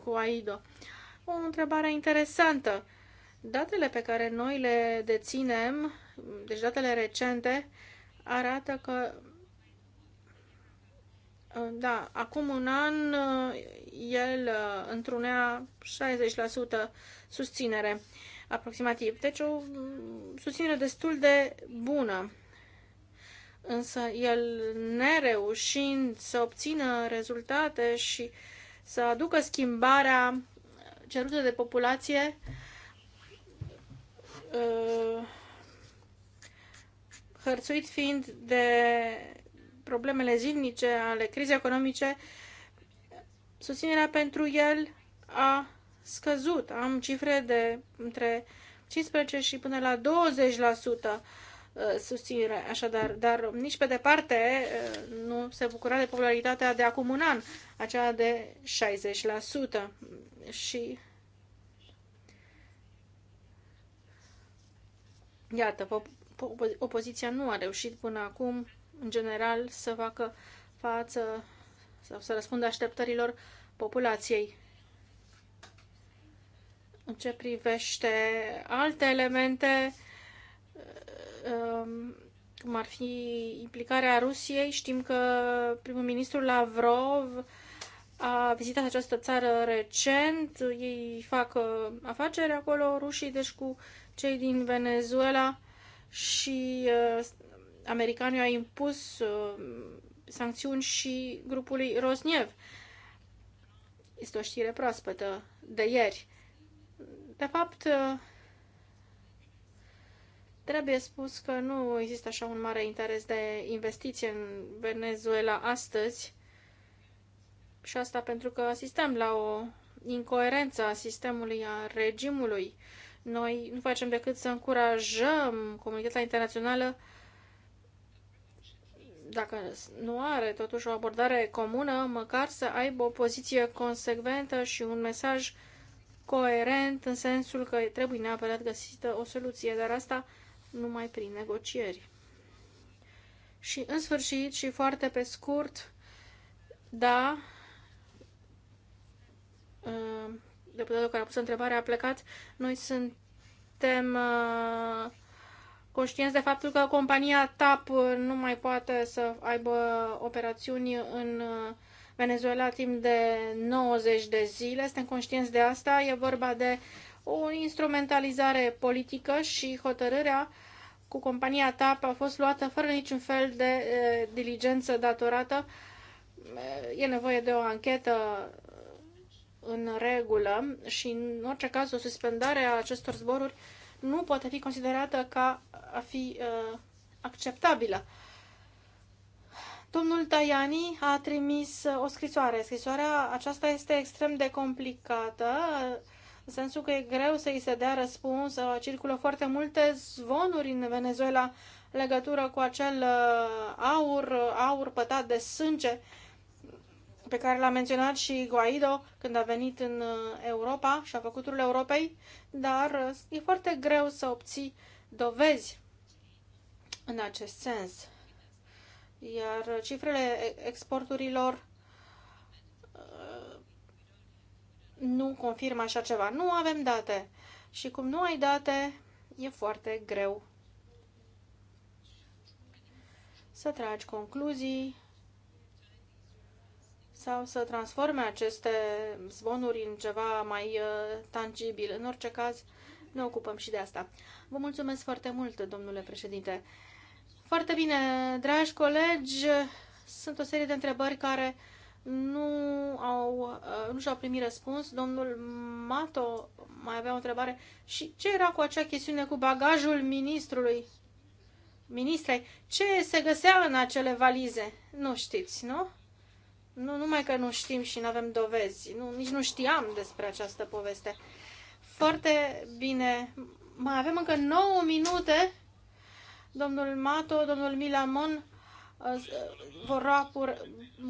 Huaido. O întrebare interesantă Datele pe care noi le deținem, deci datele recente, arată că da, acum un an el uh, întrunea 60% susținere aproximativ. Deci o mm, susținere destul de bună. Însă el nereușind să obțină rezultate și să aducă schimbarea cerută de populație, uh, Uh, hărțuit fiind de problemele zilnice ale crizei economice, susținerea pentru el a scăzut. Am cifre de între 15 și până la 20% uh, susținere, așadar, dar nici pe departe uh, nu se bucura de popularitatea de acum un an, aceea de 60%. Și Iată, opoziția nu a reușit până acum, în general, să facă față sau să răspundă așteptărilor populației. În ce privește alte elemente, um, cum ar fi implicarea Rusiei, știm că primul ministru Lavrov a vizitat această țară recent, ei fac uh, afaceri acolo, rușii, deci cu cei din Venezuela și uh, americanii au impus uh, sancțiuni și grupului Rosniev. Este o știre proaspătă de ieri. De fapt, uh, Trebuie spus că nu există așa un mare interes de investiție în Venezuela astăzi și asta pentru că asistăm la o incoerență a sistemului, a regimului noi nu facem decât să încurajăm comunitatea internațională dacă nu are totuși o abordare comună, măcar să aibă o poziție consecventă și un mesaj coerent în sensul că trebuie neapărat găsită o soluție, dar asta numai prin negocieri. Și în sfârșit și foarte pe scurt, da, ă, deputatul care a pus întrebarea a plecat, noi suntem uh, conștienți de faptul că compania TAP nu mai poate să aibă operațiuni în uh, Venezuela timp de 90 de zile. Suntem conștienți de asta. E vorba de o instrumentalizare politică și hotărârea cu compania TAP a fost luată fără niciun fel de uh, diligență datorată. E nevoie de o anchetă în regulă și, în orice caz, o suspendare a acestor zboruri nu poate fi considerată ca a fi uh, acceptabilă. Domnul Tajani a trimis uh, o scrisoare. Scrisoarea aceasta este extrem de complicată, în sensul că e greu să-i se dea răspuns. Uh, circulă foarte multe zvonuri în Venezuela legătură cu acel uh, aur, aur pătat de sânge pe care l-a menționat și Guaido când a venit în uh, Europa și a făcut turul Europei, dar uh, e foarte greu să obții dovezi în acest sens. Iar cifrele exporturilor uh, nu confirmă așa ceva. Nu avem date. Și cum nu ai date, e foarte greu să tragi concluzii sau să transforme aceste zvonuri în ceva mai uh, tangibil. În orice caz, ne ocupăm și de asta. Vă mulțumesc foarte mult, domnule președinte. Foarte bine, dragi colegi, sunt o serie de întrebări care nu, au, uh, nu și-au primit răspuns. Domnul Mato mai avea o întrebare. Și ce era cu acea chestiune cu bagajul ministrului? Ministrei, ce se găsea în acele valize? Nu știți, nu? Nu numai că nu știm și nu avem dovezi, nu, nici nu știam despre această poveste. Foarte bine. Mai avem încă 9 minute. Domnul Mato, domnul Milamon uh, vor lua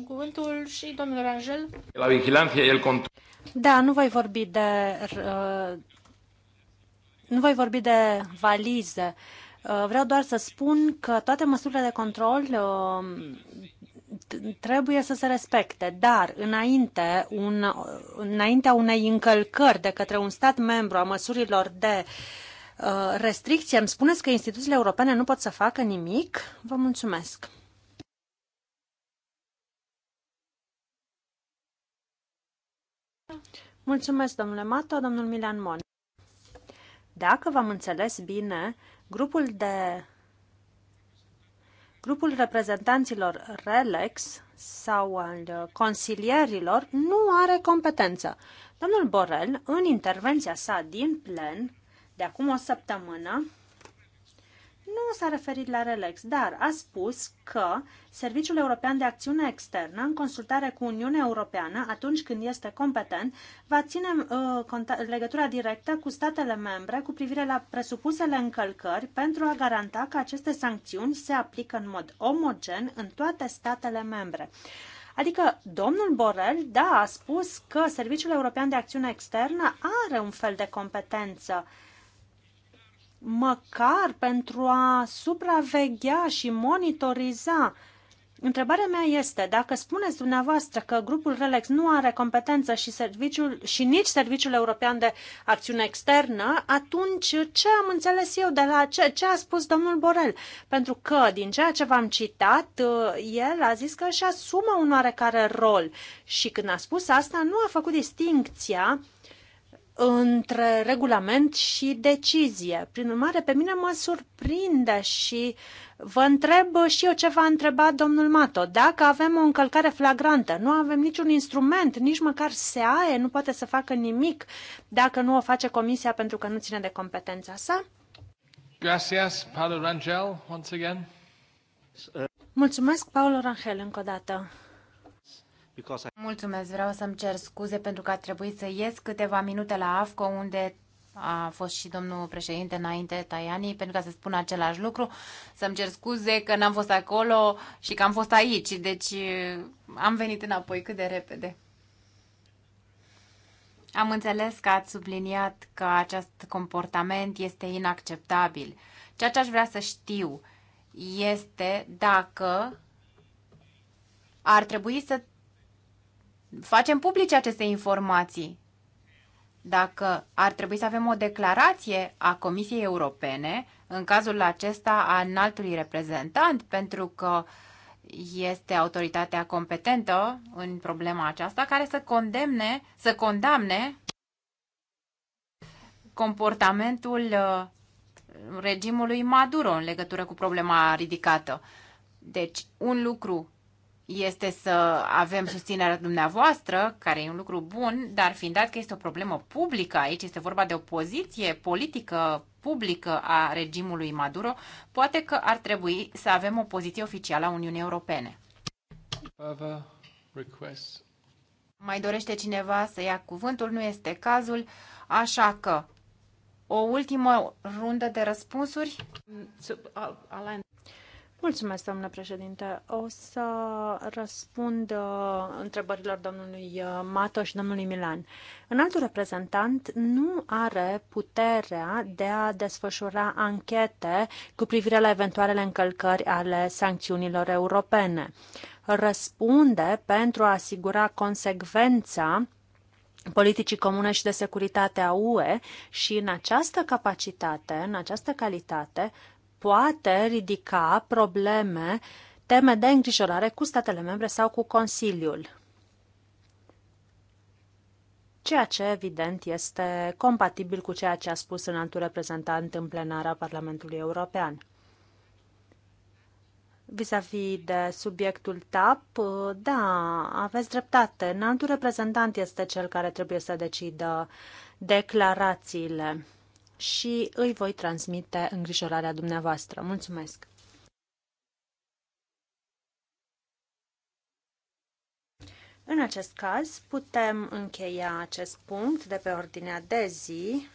cuvântul și domnul Rangel. La vigilanță, el control. Da, nu voi vorbi de uh, nu voi vorbi de valize. Uh, vreau doar să spun că toate măsurile de control uh, trebuie să se respecte, dar înainte un, înaintea unei încălcări de către un stat membru a măsurilor de uh, restricție, îmi spuneți că instituțiile europene nu pot să facă nimic? Vă mulțumesc! Mulțumesc, domnule Mato, domnul Milan Mon. Dacă v-am înțeles bine, grupul de Grupul reprezentanților RELEX sau al consilierilor nu are competență. Domnul Borel, în intervenția sa din plen, de acum o săptămână, nu s-a referit la RELEX, dar a spus că Serviciul European de Acțiune Externă, în consultare cu Uniunea Europeană, atunci când este competent, va ține uh, legătura directă cu statele membre cu privire la presupusele încălcări pentru a garanta că aceste sancțiuni se aplică în mod omogen în toate statele membre. Adică domnul Borel, da, a spus că Serviciul European de Acțiune Externă are un fel de competență uh, măcar pentru a supraveghea și monitoriza. Întrebarea mea este, dacă spuneți dumneavoastră că grupul RELEX nu are competență și, serviciul, și nici Serviciul European de Acțiune Externă, atunci ce am înțeles eu de la ce, ce a spus domnul Borel? Pentru că, din ceea ce v-am citat, uh, el a zis că își asumă un oarecare rol și când a spus asta, nu a făcut distincția uh, între regulament și decizie. Prin urmare, pe mine mă surprinde și vă întreb și eu ce v-a întrebat domnul Mato. Dacă avem o încălcare flagrantă, nu avem niciun instrument, nici măcar SEAE nu poate să facă nimic dacă nu o face comisia pentru că nu ține de competența sa? Gracias, Paolo Rangel, once again. Uh, Mulțumesc, Paolo Rangel, încă o dată. Mulțumesc, vreau să-mi cer scuze pentru că a trebuit să ies câteva minute la AFCO, unde a fost și domnul președinte înainte, Taiani, pentru ca să spun același lucru, să-mi cer scuze că n-am fost acolo și că am fost aici, deci uh, am venit înapoi cât de repede. Am înțeles că ați subliniat că acest comportament este inacceptabil. Ceea ce aș vrea să știu este dacă ar trebui să facem publice aceste informații. Dacă ar trebui să avem o declarație a Comisiei Europene, în cazul acesta a înaltului reprezentant, pentru că este autoritatea competentă în problema aceasta, care să condemne, să condamne comportamentul uh, regimului Maduro în legătură cu problema ridicată. Deci, un lucru este să avem susținerea dumneavoastră, care e un lucru bun, dar fiind dat că este o problemă publică aici, este vorba de o poziție politică publică a regimului Maduro, poate că ar trebui să avem o poziție oficială a Uniunii Europene. Mai dorește cineva să ia cuvântul? Nu este cazul, așa că o ultimă rundă de răspunsuri. Mm, Mulțumesc, domnule președinte. O să răspund uh, întrebărilor domnului uh, Mato și domnului Milan. În altul reprezentant nu are puterea de a desfășura anchete cu privire la eventualele încălcări ale sancțiunilor europene. Răspunde pentru a asigura consecvența politicii comune și de securitate a UE și în această capacitate, în această calitate, poate ridica probleme, teme de îngrijorare cu statele membre sau cu Consiliul. Ceea ce, evident, este compatibil cu ceea ce a spus în altul reprezentant în plenara Parlamentului European. Vis-a-vis -vis de subiectul TAP, da, aveți dreptate. Înaltul reprezentant este cel care trebuie să decidă declarațiile și îi voi transmite îngrijorarea dumneavoastră. Mulțumesc! În acest caz, putem încheia acest punct de pe ordinea de zi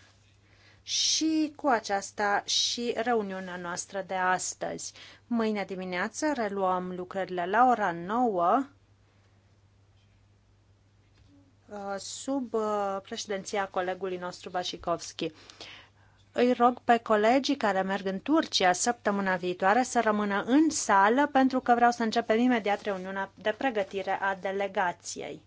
și cu aceasta și reuniunea noastră de astăzi. Mâine dimineață reluăm lucrările la ora 9 uh, sub uh, președinția colegului nostru Vașikovski îi rog pe colegii care merg în Turcia săptămâna viitoare să rămână în sală pentru că vreau să începem imediat reuniunea de pregătire a delegației.